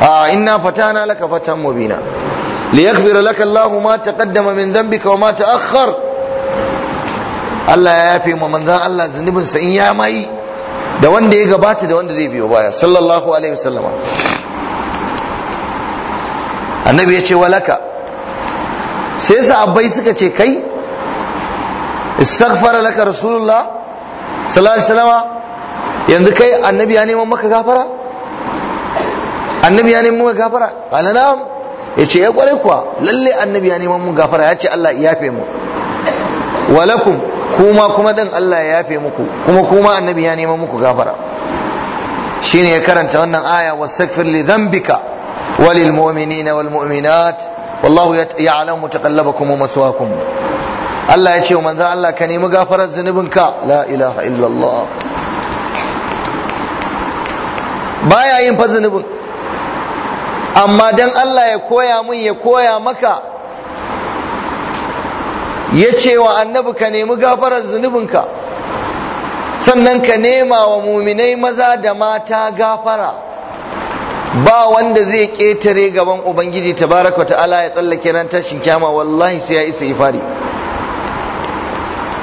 a inna fatana laka fatan mubina liyaghfir laka Allahu ma taqaddama min dhanbika wa ma ta'akhkhar Allah ya yafe ma manzan Allah zunubin sa in ya mai da wanda ya gabata da wanda zai biyo baya sallallahu alaihi wasallama annabi ya ce walaka sai sahabbai suka ce kai istaghfara laka rasulullah sallallahu alaihi yanzu kai annabi ya neman maka gafara annabi ya neman maka gafara qala na'am yace ya kware kuwa lalle annabi ya neman mu gafara yace Allah ya yafe mu walakum kuma kuma dan Allah ya yafe muku kuma kuma annabi ya neman muku gafara shine ya karanta wannan aya wastaghfir li dhanbika وللمؤمنين والمؤمنات والله يعلم متقلبكم ومثواكم Allah ya ce wa manzan Allah ka nemi gafarar zunubinka la ilaha illallah baya yin fa zunubin amma dan Allah ya koya mun ya koya maka ya ce wa annabi ka nemi gafarar zunubinka sannan ka nema wa muminai maza da mata gafara ba wanda zai ƙetare gaban ubangiji tabaraka ta'ala ya tsallake ran tashin kyama wallahi sai ya isa ifari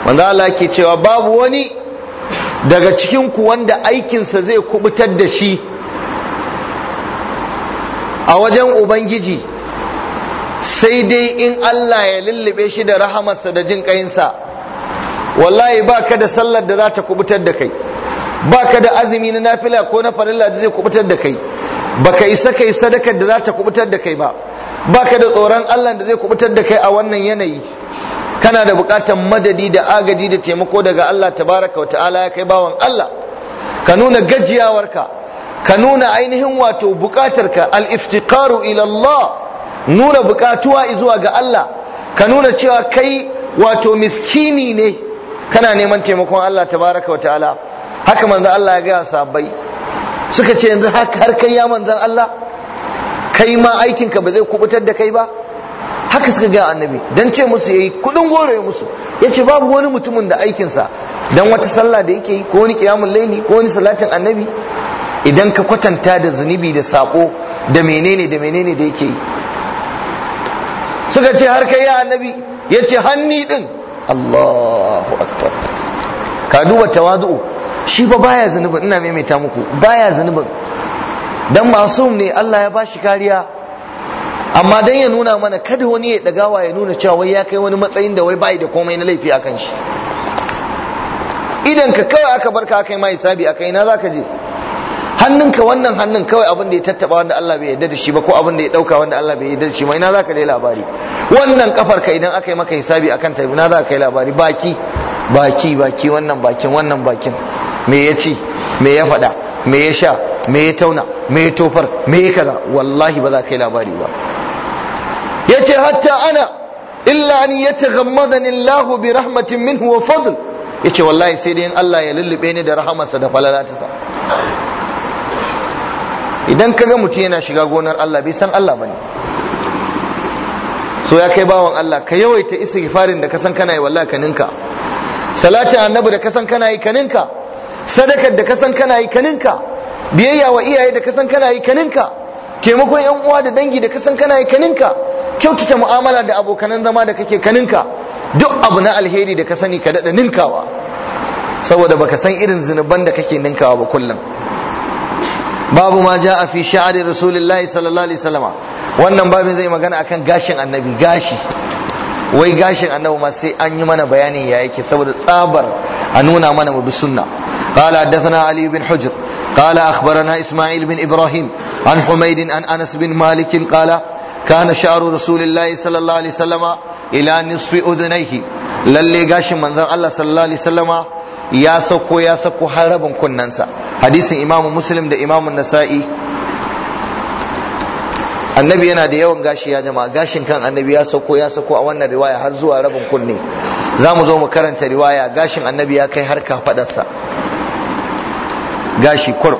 wanda Allah ke cewa babu wani daga cikin ku wanda aikinsa zai kubutar da shi a wajen ubangiji sai dai in Allah ya lullube shi da rahamarsa da jin ƙayinsa wallahi ba ka da sallar da za ta kubutar da kai ba ka da azumi na nafila ko na farilla da zai kubutar da kai Ba ka isa kai sadakar da za ta kubutar da kai ba Ba ka da tsoron Allah da zai kubutar da kai a wannan yanayi kana da bukatar madadi da agaji da taimako daga Allah tabaraka wa ta'ala ya kai bawan Allah ka nuna gajiyawarka ka nuna ainihin wato bukatarka al-iftiqaru ila Allah nuna bukatuwa zuwa ga Allah ka nuna cewa kai wato miskini ne kana neman taimakon Allah tabaraka wa ta'ala haka manzo Allah ya ga sahabbai suka ce yanzu har kai ya manzan Allah kai ma aikinka ba zai kubutar da kai ba haka suka ga annabi dan ce musu yayi kudin goro ya musu yace babu wani mutumin da aikinsa dan wata sallah da yake yi ko wani qiyamul laili ko wani salatin annabi idan ka kwatanta da zunubi da sako da menene da menene da yake yi suka ce har kai ya annabi yace hanni din Allahu akbar ka duba tawadu'u shi ba baya zunubin ina maimaita muku baya zunubin dan masum ne Allah ya bashi kariya amma dan ya nuna mana kada wani ya dagawa ya nuna cewa wai ya kai wani matsayin da wai bai da komai na laifi akan shi idan ka kawai aka barka aka yi mai sabi aka za zaka je hannunka wannan hannun kawai abin da ya tattaba wanda Allah bai yarda da shi ba ko abin da ya dauka wanda Allah bai yarda da shi ma ina zaka dai labari wannan kafar ka idan aka yi maka hisabi akan ta ina zaka kai labari baki baki baki wannan bakin wannan bakin me ya ci me ya faɗa me ya sha me ya tauna me ya tofar me ya kaza wallahi ba za ka yi labari ba Yace hatta ana illa an ya Allahu bi rahmatin min wa fadl ya ce wallahi sai dai Allah ya lullube ni da rahamarsa da falalatinsa idan ka ga mutum yana shiga gonar Allah bai san Allah bane so ya kai bawan Allah ka yawaita istighfarin da ka san kana yi wallahi ka ninka annabi da ka san kana yi ka ninka sadakar da kasan kana yi kaninka biyayya wa iyaye da kasan kana yi kaninka taimakon yan uwa da dangi da kasan kana yi kaninka kyautata mu'amala da abokanan zama da kake kaninka duk abu na alheri da ka sani ka daɗa ninkawa saboda baka san irin zinuban da kake ninkawa ba kullum babu ma ja'a fi sha'ari rasulullahi sallallahu alaihi wasallama wannan babin zai magana akan gashin annabi gashi wai gashin annabi ma sai an yi mana bayanin ya yake saboda tsabar a nuna mana mu bi sunna qala haddathana ali bin hujr qala akhbarana isma'il bin ibrahim an humayd an anas bin Malikin qala kana sha'ru rasulillahi sallallahu alaihi wasallam ila nisfi udhnayhi lalle gashin manzon allah sallallahu alaihi wasallam ya sauko ya sauko harabin rabin kunnansa hadisin imamu muslim da imamu nasa'i annabi yana da yawan gashi ya jama'a gashin kan annabi ya sauko ya sauko a wannan riwaya har zuwa rabin kunne za mu zo mu karanta riwaya gashin annabi ya kai har kafadarsa gashi kurb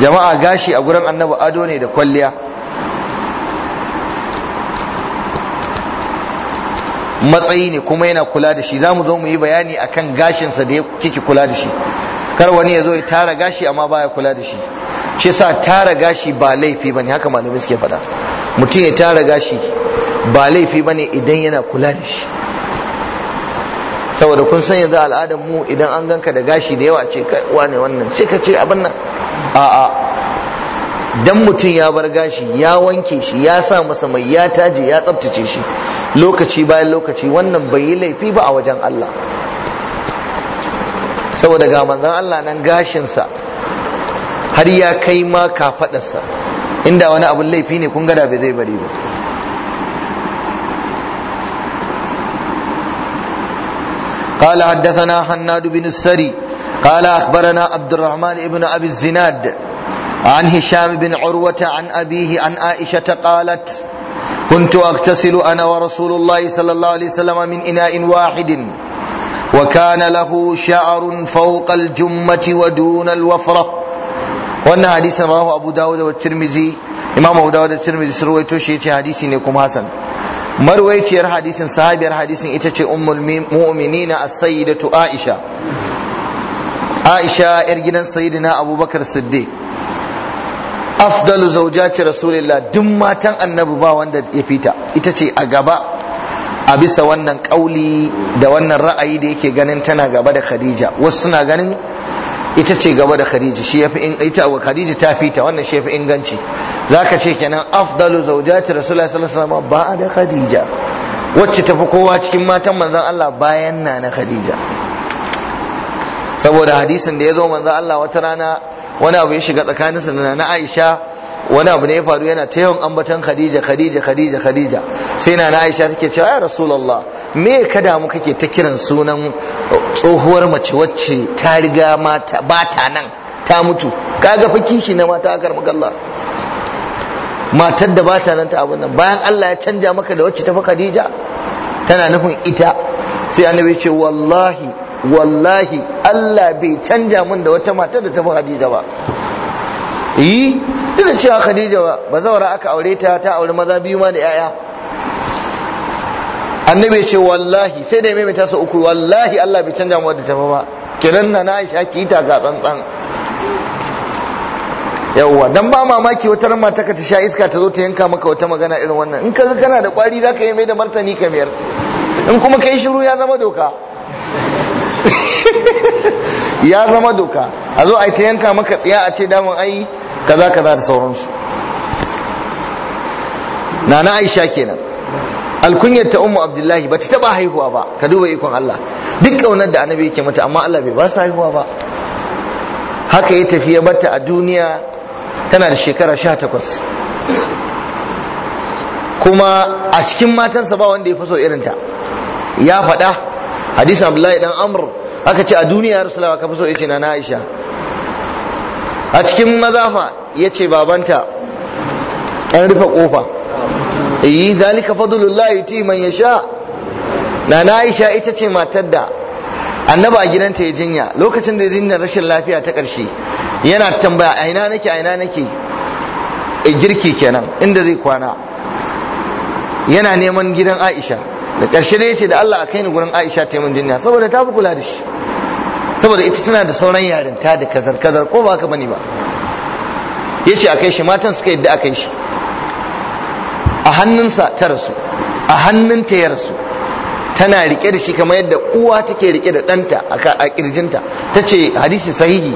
jama'a gashi a gurin annabi ado ne da kwalliya matsayi ne kuma yana kula da shi za mu zo mu yi bayani akan gashinsa da ya kike kula da shi kar wani ya zo ya tara gashi amma baya kula da shi shi sa tara gashi ba laifi bane haka malamai suke faɗa mutum ya tara gashi ba laifi bane idan yana kula da shi saboda kun san yanzu al'adar mu idan an ganka da gashi da yawa ce kai wane wannan sai ka ce abin nan a'a dan mutum ya bar gashi ya wanke shi ya sa masa mai ya taje ya tsabtace shi lokaci bayan lokaci wannan bai yi laifi ba a wajen Allah saboda ga manzon Allah nan gashinsa har ya kai ma kafadarsa inda wani abun laifi ne kun gada bai zai bari ba قال حدثنا حناد بن السري قال أخبرنا عبد الرحمن بن أبي الزناد عن هشام بن عروة عن أبيه عن عائشة قالت كنت أغتسل أنا ورسول الله صلى الله عليه وسلم من إناء واحد وكان له شعر فوق الجمة ودون الوفرة وأن حديث رواه أبو داود والترمذي إمام أبو داود والترمذي سرويته شيء حديث نكم حسن marwaiciyar hadisin sahabiyar hadisin ita ce ummul mu'minina as-sayyidatu aisha aisha yar gidan sayyidina abubakar siddiq afdalu zawjati rasulillah duk matan annabi ba wanda ya fita ita ce a gaba a bisa wannan kauli da wannan ra'ayi da yake ganin tana gaba da khadija wasu suna ganin ita ce gaba da khadija shi yafi in ita wa khadija ta fita wannan shi yafi inganci zaka ce kenan afdalu zawjati rasulillah sallallahu alaihi wasallam ba da khadija wacce tafi kowa cikin matan manzon Allah bayan na na khadija saboda hadisin da ya zo manzon Allah wata rana wani abu ya shiga tsakaninsa da na Aisha wani abu ne ya faru yana ta yawan ambatan Khadija Khadija Khadija Khadija sai na Aisha take cewa ya Rasulullah me ka damu kake ta kiran sunan tsohuwar mace wacce ta riga mata ba ta nan ta mutu kaga fa kishi na mata akar Allah matar da ba ta nan ta abin nan bayan Allah ya canja maka da wacce ta fi Khadija tana nufin ita sai annabi ya ce wallahi wallahi Allah bai canja min da wata mata da tafi Khadija ba yi duk da cewa Khadija ba bazawara aka aure ta ta aure maza biyu ma da yaya annabi ce wallahi sai da mai ta su uku wallahi Allah bai canja mu da tafi ba kiran na Aisha ki ta ga tsantsan yawwa dan ba mamaki wata mata ka ta sha iska ta zo ta yanka maka wata magana irin wannan in ka kana da kwari zaka yi mai da martani kamar in kuma kai shiru ya zama doka ya zama doka a zo a yi ta yanka maka tsaye a ce damun ai kaza kaza da sauransu nana aisha kenan alkunyar ta ummu abdullahi ba ta taba haihuwa ba ka duba ikon Allah duk ƙaunar da annabi yake mata amma Allah bai ba su haihuwa ba haka ya tafi ya bata a duniya tana da shekara sha takwas kuma a cikin matansa ba wanda ya fi so irinta ya faɗa hadisin abdullahi dan amr aka ce a duniya rasulawa ka fi so yace na aisha a cikin mazafa yace babanta an rufe kofa yi zalika fadlullahi ti man yasha na aisha ita ce matar da annaba a gidanta ya jinya lokacin da jinyar rashin lafiya ta ƙarshe yana tambaya a ina nake a ina nake eh, girki kenan inda zai kwana yana neman gidan aisha da ƙarshe ne ce da Allah a kai ni gurin Aisha ta mun jinya saboda ta fi kula da shi saboda ita tana da sauran yarin ta da kazar kazar ko ba haka bane ba yace a kai shi matan suka yadda a kai shi a hannunsa ta rasu a hannunta ya rasu tana rike da shi kamar yadda uwa take rike da ɗanta a kirjinta ta ce hadisi sahihi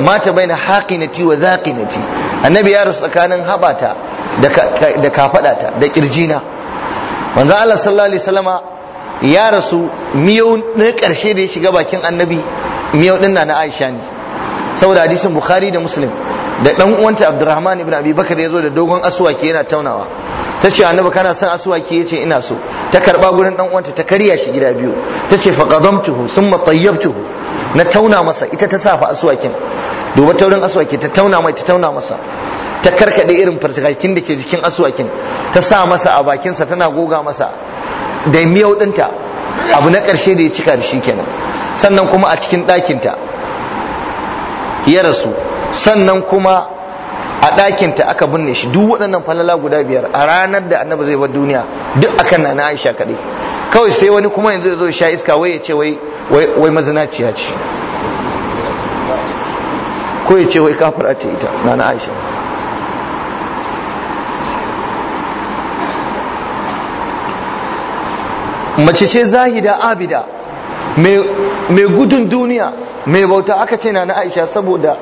mata baina na wa zaqinati annabi ya rasu tsakanin habata da kafaɗata da kirjina manzo Allah sallallahu alaihi wasallama ya rasu miyau na karshe da ya shiga bakin annabi miyau din na Aisha ne saboda hadisin Bukhari da Muslim da dan uwanta Abdurrahman ibn Abi Bakar ya zo da dogon aswaki yana taunawa ta ce annabi kana son aswaki yace ina so ta karba gurin dan uwanta ta karya shi gida biyu ta ce faqadamtuhu thumma tayyabtuhu na tauna masa ita ta safa asuwakin. duba taurin aswaki ta tauna mai ta tauna masa ta karkade irin fartakakin da ke jikin aswakin ta sa masa a bakinsa tana goga masa da miyau dinta abu na ƙarshe da ya cika da shi kenan sannan kuma a cikin ɗakinta ya rasu sannan kuma a ɗakinta aka binne shi duk waɗannan falala guda biyar a ranar da annabi zai bar duniya duk akan na na aisha kaɗai kawai sai wani kuma yanzu zo sha iska wai ya ce wai mazinaciya ce ko ya ce wai kafara ce ita na aisha mace ce zahida abida mai gudun duniya mai bauta aka ce na na aisha saboda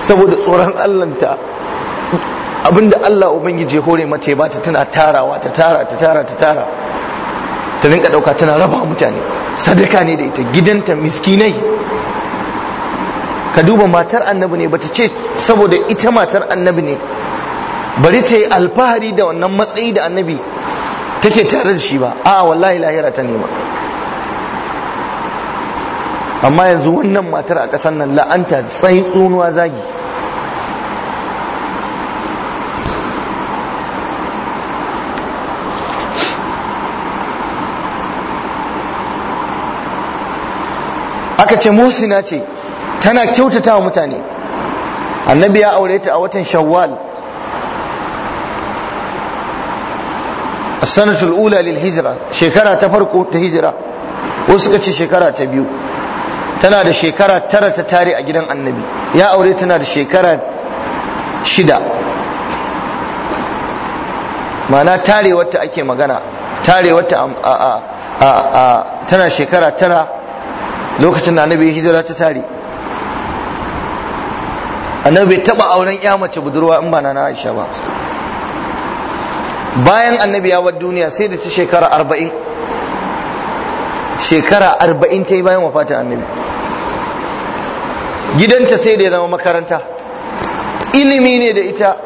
saboda tsoron allanta abinda allah ubangiji hore mace ba ta tana tarawa ta tara ta tara ta tara ta rinka dauka tana raba mutane sadaka ne da ita gidanta miskinai ka duba matar annabi ne bata ce saboda ita matar annabi ne bari ta yi alfahari da wannan matsayi da annabi take tare da shi ba a wallahi lahira ta nema amma yanzu wannan matar a ƙasar nan la'anta tsayin tsunuwa zagi aka ce musina ce tana kyautata wa mutane annabi ya aure ta a watan shawwal sanatul ula lil hijra shekara ta farko ta hijira wasu suka ce shekara ta biyu tana da shekara tara ta tare a gidan annabi ya aure tana da shekara shida ma'ana wata ake magana wata a tana shekara tara lokacin da annabi hijira ta tare annabi bai taba auren ya mace budurwa in ba na Aisha ba bayan annabi ya bar duniya sai da ta shekara arba'in shekara arba'in ta yi bayan fata annabi gidanta sai da ya zama makaranta ilimi ne da ita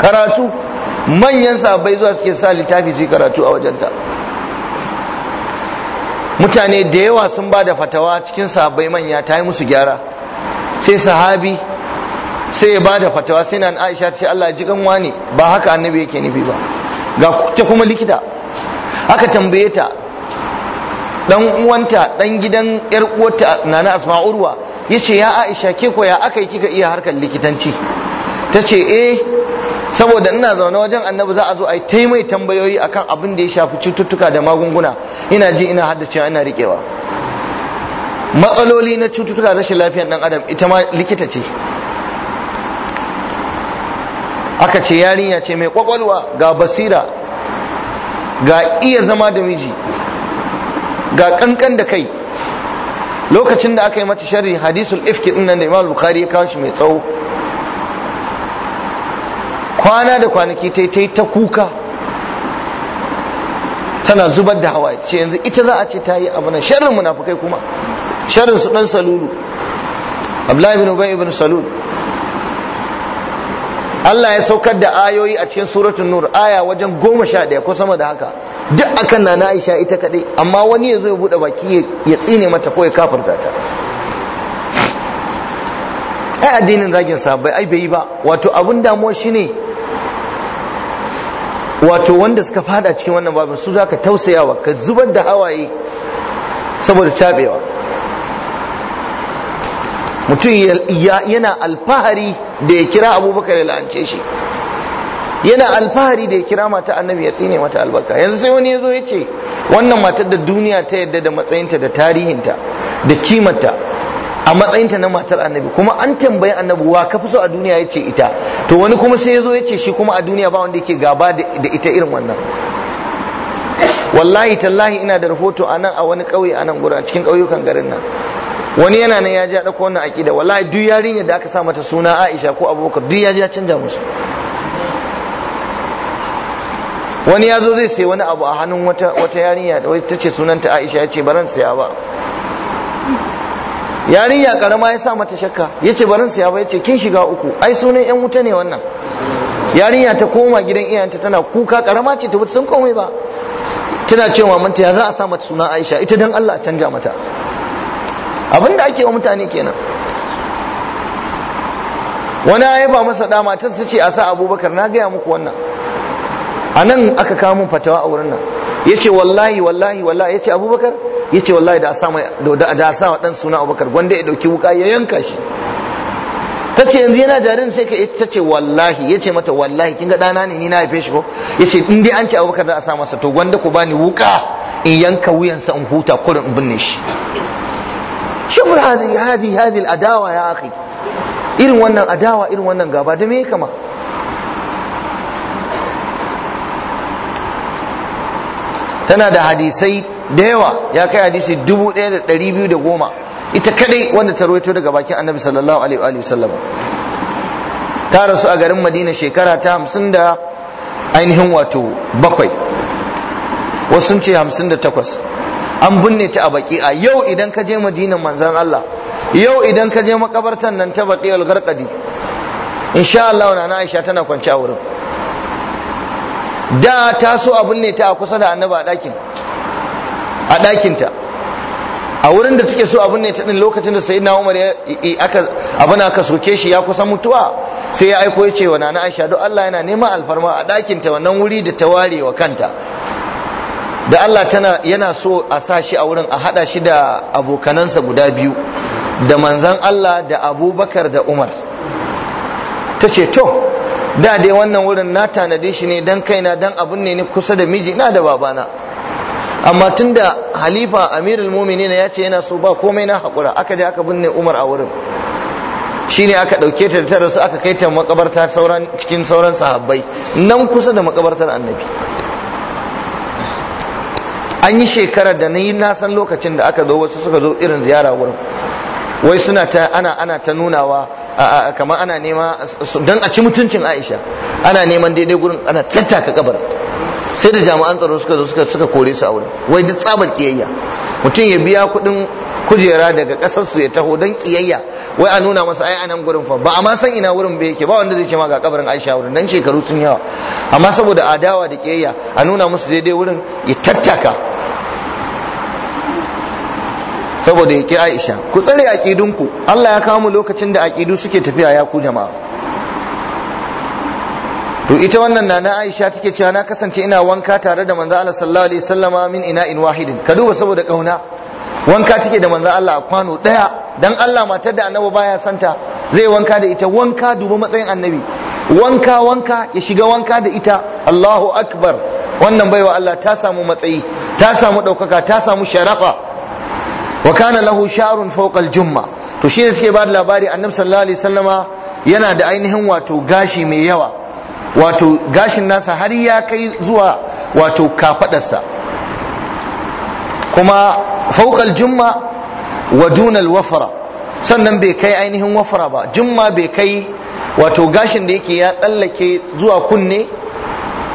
karatu manyan sabai zuwa suke sa littafi su karatu a wajenta mutane da yawa sun ba da fatawa cikin sabai manya ta yi musu gyara sai sahabi sai ya bada fatawa sai na Aisha ta ce Allah ji ganwa ne ba haka annabi yake nufi ba ga ta kuma likita aka tambaye ta dan uwanta dan gidan yar uwarta nana Asma Urwa yace ya Aisha ke ko ya aka yi kika iya harkar likitanci tace eh saboda ina zaune wajen annabi za a zo a yi ta mai tambayoyi akan abin da ya shafi cututtuka da magunguna ina ji ina haddacewa ina rikewa, matsaloli na cututtuka rashin lafiyar dan adam ita ma likita ce aka ce yarinya ce mai kwakwalwa ga basira ga iya zama da miji ga kankan da kai lokacin da aka yi mata sharri hadisul ifki din nan da imam bukhari ya kawo shi mai tsawo kwana da kwanaki ta yi ta kuka tana zubar da hawaye ce yanzu ita za a ce ta yi abu nan sharrin munafukai kuma sharrin su dan salulu abdullahi ibn ubay ibn salul Allah ya saukar da ayoyi a cikin suratul nur aya wajen goma sha ɗaya ko sama da haka duk akan na Aisha ita kaɗai amma wani ya zo ya buɗe baki ya tsine mata ko ya kafirta ta ai addinin zagin bai ai bai yi ba wato abun damuwa shine wato wanda suka fada cikin wannan babin su zaka tausayawa ka zubar da hawaye saboda cabewa mutum yana alfahari da ya kira abubakar ya la'ance shi yana alfahari da ya kira mata annabi ya tsine mata albarka yanzu sai wani ya zo ya ce wannan matar da duniya ta yadda da matsayinta da tarihinta da kimarta a matsayinta na matar annabi kuma an tambayi annabi wa ka fi so a duniya ya ce ita to wani kuma sai ya zo ya ce shi kuma a duniya ba wanda yake gaba da ita irin wannan wallahi tallahi ina da rahoto a nan a wani ƙauye a nan gura cikin ƙauyukan garin nan wani yana nan ya ji ya ɗauko wannan aƙida wallahi duk yarinya da aka sa mata suna Aisha ko Abubakar duk ya ji ya canja musu wani ya zo zai sai wani abu a hannun wata wata yarinya da ta ce sunanta Aisha ya ce baran siya ba yarinya karama ya sa mata shakka ya ce baran siya ba ya ce kin shiga uku ai sunan yan wuta ne wannan yarinya ta koma gidan iyayenta tana kuka karama ce ta bata san komai ba tana cewa manta ya za a sa mata suna Aisha ita dan Allah canja mata abin da ake wa mutane kenan wani ya ba masa dama ta su ce a sa abubakar na gaya muku wannan a nan aka kawo mun fatawa a wurin nan ya ce wallahi wallahi wallahi ya ce abubakar ya ce wallahi da a sa wa ɗan suna abubakar gwanda ya ɗauki wuka ya yanka shi ta ce yanzu yana jarin sai ka ita ce wallahi ya ce mata wallahi kin ga ɗana ne ni na haife shi ko ya ce in dai an ce abubakar da a sa masa to gwanda ku bani wuka in yanka wuyansa in huta kurin in binne shi شوف هذه هذه هذه adawa ya اخي irin wannan adawa irin wannan gaba da me kama tana da hadisai da yawa ya kai hadisi 1210 ita kadai wanda ta rawaito daga bakin annabi sallallahu alaihi wa sallam ta rasu a garin madina shekara ta hamsin da ainihin wato bakwai wasu sun ce hamsin da takwas an binne ta a baki'a yau idan ka je madinan manzan Allah yau idan ka je makabartan nan ta baqi'ul gharqadi insha Allah wannan Aisha tana kwance a wurin da ta so a binne ta a kusa da annaba a ɗakin a a wurin da take so a binne ta din lokacin da sayyidina Umar ya aka abin aka soke shi ya kusa mutuwa sai ya aiko ya ce wa nana Aisha don Allah yana neman alfarma a dakin ta wannan wuri da ta ware wa kanta da Allah tana yana so a sa shi a wurin a hada shi da abokanansa guda biyu da manzan Allah da abubakar da umar ta ce to da dai wannan wurin na tanade shi ne don kaina don abin ne ni kusa da miji na da babana amma tun da halifa amirul na ya ce yana so ba komai na haƙura aka je aka binne umar a wurin Shi ne aka ɗauke ta da ta rasu aka kai ta makabarta cikin sauran sahabbai nan kusa da makabartar annabi an yi shekarar da na yi nasan san lokacin da aka zo wasu suka zo irin ziyara wurin wai suna ta ana ana ta nunawa kamar ana nema don a ci mutuncin aisha ana neman daidai gurin ana tattaka kabar sai da jami'an tsaro suka zo suka kore su a wurin wai duk tsabar kiyayya mutum ya biya kudin kujera daga kasarsu ya taho don kiyayya wai a nuna masa ai anan gurin fa ba amma san ina wurin ba yake ba wanda zai ce ma ga kabarin Aisha wurin dan shekaru sun yawa amma saboda adawa da kiyayya a nuna musu daidai wurin ya tattaka saboda yake Aisha ku tsare aqidunku Allah ya kawo mu lokacin da aqidu suke tafiya ya ku jama'a to ita wannan nana Aisha take cewa na kasance ina wanka tare da manzo Allah sallallahu alaihi wasallama min ina'in wahidin ka duba saboda kauna wanka take da manzo Allah a kwano daya dan Allah matar da annabi baya santa zai wanka da ita wanka dubi matsayin annabi wanka wanka ya shiga wanka da ita Allahu akbar wannan baiwa Allah ta samu matsayi ta samu ɗaukaka ta samu sharafa wa kana lahu sha'run fawqa al-jumma to shi da take ba da labari annabi sallallahu alaihi wasallama yana da ainihin wato gashi mai yawa wato gashin nasa har ya kai zuwa wato kafadarsa kuma fawqa al-jumma wa dunal wafara sannan bai kai ainihin wafara ba jumma bai kai wato gashin da yake ya tsallake zuwa kunne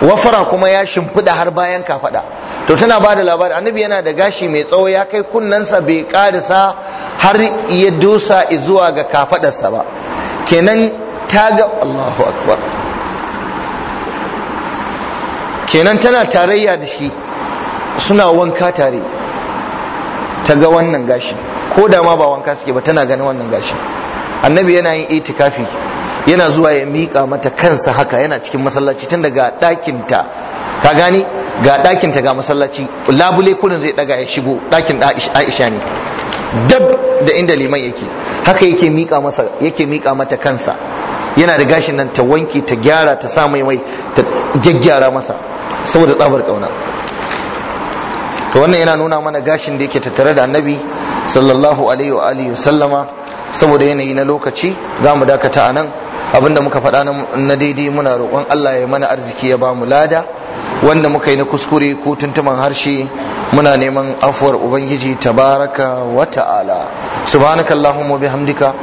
wafara kuma ya shimfiɗa har bayan kafaɗa to tana ba da labari annabi yana da gashi mai tsawo ya kai kunnensa bai ƙarisa har ya dosa zuwa ga kafaɗarsa ba kenan ta ga allahu akbar kenan tana tarayya da shi suna wanka tare ta ga wannan gashi ko da ma ba wanka suke ba tana ganin wannan gashi annabi yana yin itikafi yana zuwa ya miƙa mata kansa haka yana cikin masallaci tun daga ɗakinta ka gani ga ɗakinta ga masallaci labule kullum zai ɗaga ya shigo ɗakin aisha ne dab da inda liman yake haka yake mika masa yake miƙa mata kansa yana da gashin nan ta wanke ta gyara ta sa mai mai ta jaggyara masa saboda tsabar kauna to wannan yana nuna mana gashin da yake tattare da annabi sallallahu alaihi wa alihi sallama saboda yanayi na lokaci za mu dakata a nan abinda muka faɗa na daidai muna roƙon Allah ya mana arziki ya ba mu lada wanda muka yi na kuskure ko tuntuman harshe muna neman afuwar ubangiji tabaraka wa ta'ala subhanakallahumma bihamdika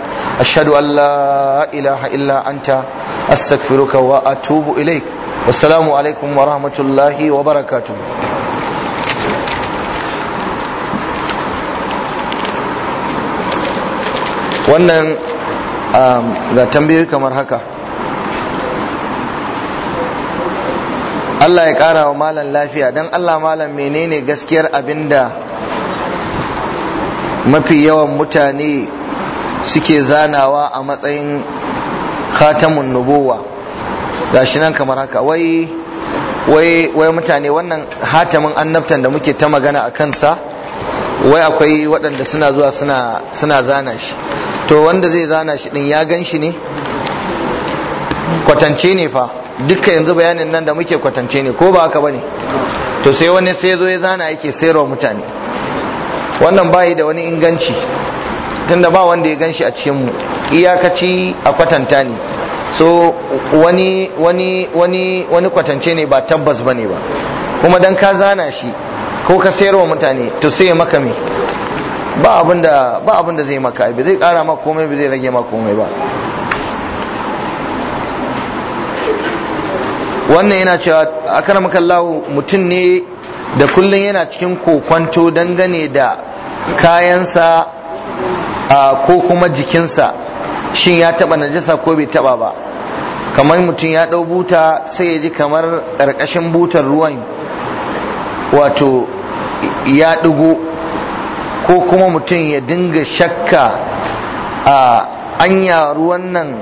ashhadu an la ilaha illa anta astaghfiruka wa atubu ilaik wassalamu alaikum wa rahmatullahi wa barakatuh wannan um, ga tambayoyi kamar haka Allah ya ƙara wa malam lafiya don Allah malam menene gaskiyar abinda mafi yawan mutane suke zanawa a matsayin khatamun nubuwa Ga shi nan kamar haka wai wai mutane wannan hatamin annabtan da muke ta magana a kansa wai akwai waɗanda suna zuwa suna zana shi to wanda zai zana shi din ya gan shi ne kwatance ne fa dukkan yanzu bayanin nan da muke kwatance ne ko ba haka bane to sai wani sai zo ya zana yake sayarwa mutane wannan bayi da wani inganci tunda ba wanda ya gan a cikin mu iyakaci a kwatanta ne so wani wani wani wani kwatance ne ba tabbas bane ba kuma dan ka zana shi ko ka sayarwa mutane to sai maka me ba abin da zai maka ba zai kara maka komai ba zai rage maka komai ba wannan yana cewa maka Allah mutum ne da kullum yana cikin kokwanto dangane da kayansa ko kuma jikinsa shin ya taba najasa ko bai taba ba kamar mutum ya ɗau buta sai ya ji kamar ƙarƙashin butar ruwan wato ya ɗigo ko kuma mutum ya dinga shakka a anya ruwan nan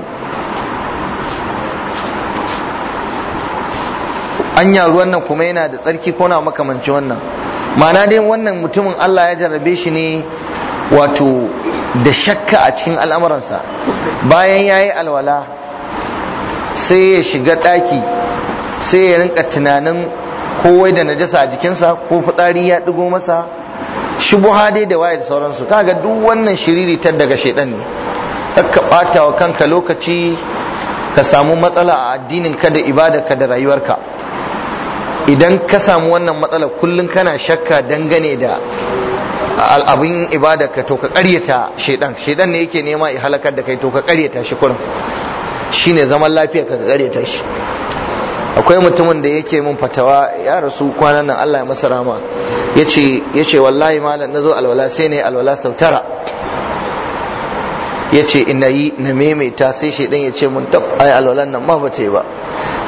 anya ruwan nan kuma yana da tsarki ko na makamanci wannan ma'ana dai wannan mutumin Allah ya jarrabe shi ne wato da shakka a cikin al'amuransa bayan ya yi alwala sai ya shiga ɗaki sai ya rinka tunanin kowai da najasa a jikinsa ko fitsari ya ɗigo masa shubuha dai da wayar sauransu kaga duk wannan shiriri ta daga shaidan ne ka bata wa kanka lokaci ka samu matsala a addinin ka da ibadarka da rayuwarka idan ka samu wannan matsala kullum kana shakka dangane da abin ibadarka to ka ƙaryata shaidan shaidan ne yake nema ya halakar da kai to ka ƙaryata shi kurin shine zaman lafiya ka ka ƙaryata shi akwai mutumin da yake mun fatawa ya rasu kwanan nan Allah ya masa rama yace yace wallahi malam nazo alwala sai ne alwala sautara, yace ina yi na maimaita sai shi dan yace mun tab ai alwalan nan ma ta yi ba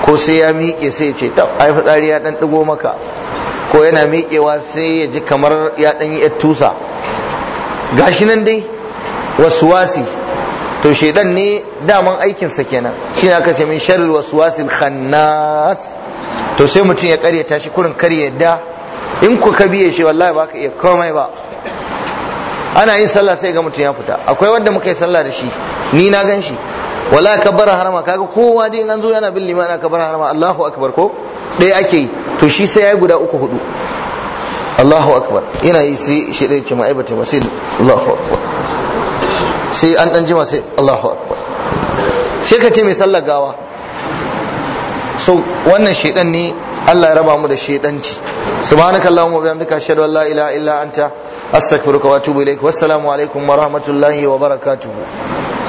ko sai ya miƙe sai yace tab ai fitsari ya dan digo maka ko yana miƙewa sai yaji kamar ya dan yi tusa gashi nan dai waswasi to shedan ne daman aikinsa kenan ne aka ce min sharril waswasil khannas to sai mutum ya karyata shi kurin kar yadda in ku ka biye shi wallahi ba ka iya komai ba ana yin sallah sai ga mutum ya fita akwai wanda muka yi sallah da shi ni na gan shi wala bar harama kaga kowa dai in an zo yana bin limana bar harama Allahu akbar ko ɗaya ake yi to shi sai ya yi guda uku hudu Allahu akbar yana yi sai shi ɗaya ce ma'aibata masil Allahu akbar sai an dan jima sai Allahu akbar sai ka ce mai sallar gawa so wannan shedan ne Allah ya raba mu da shedanci subhanakallahumma wa bihamdika ashhadu an la ilaha illa anta astaghfiruka wa atubu ilaik wassalamu alaikum wa rahmatullahi wa barakatuh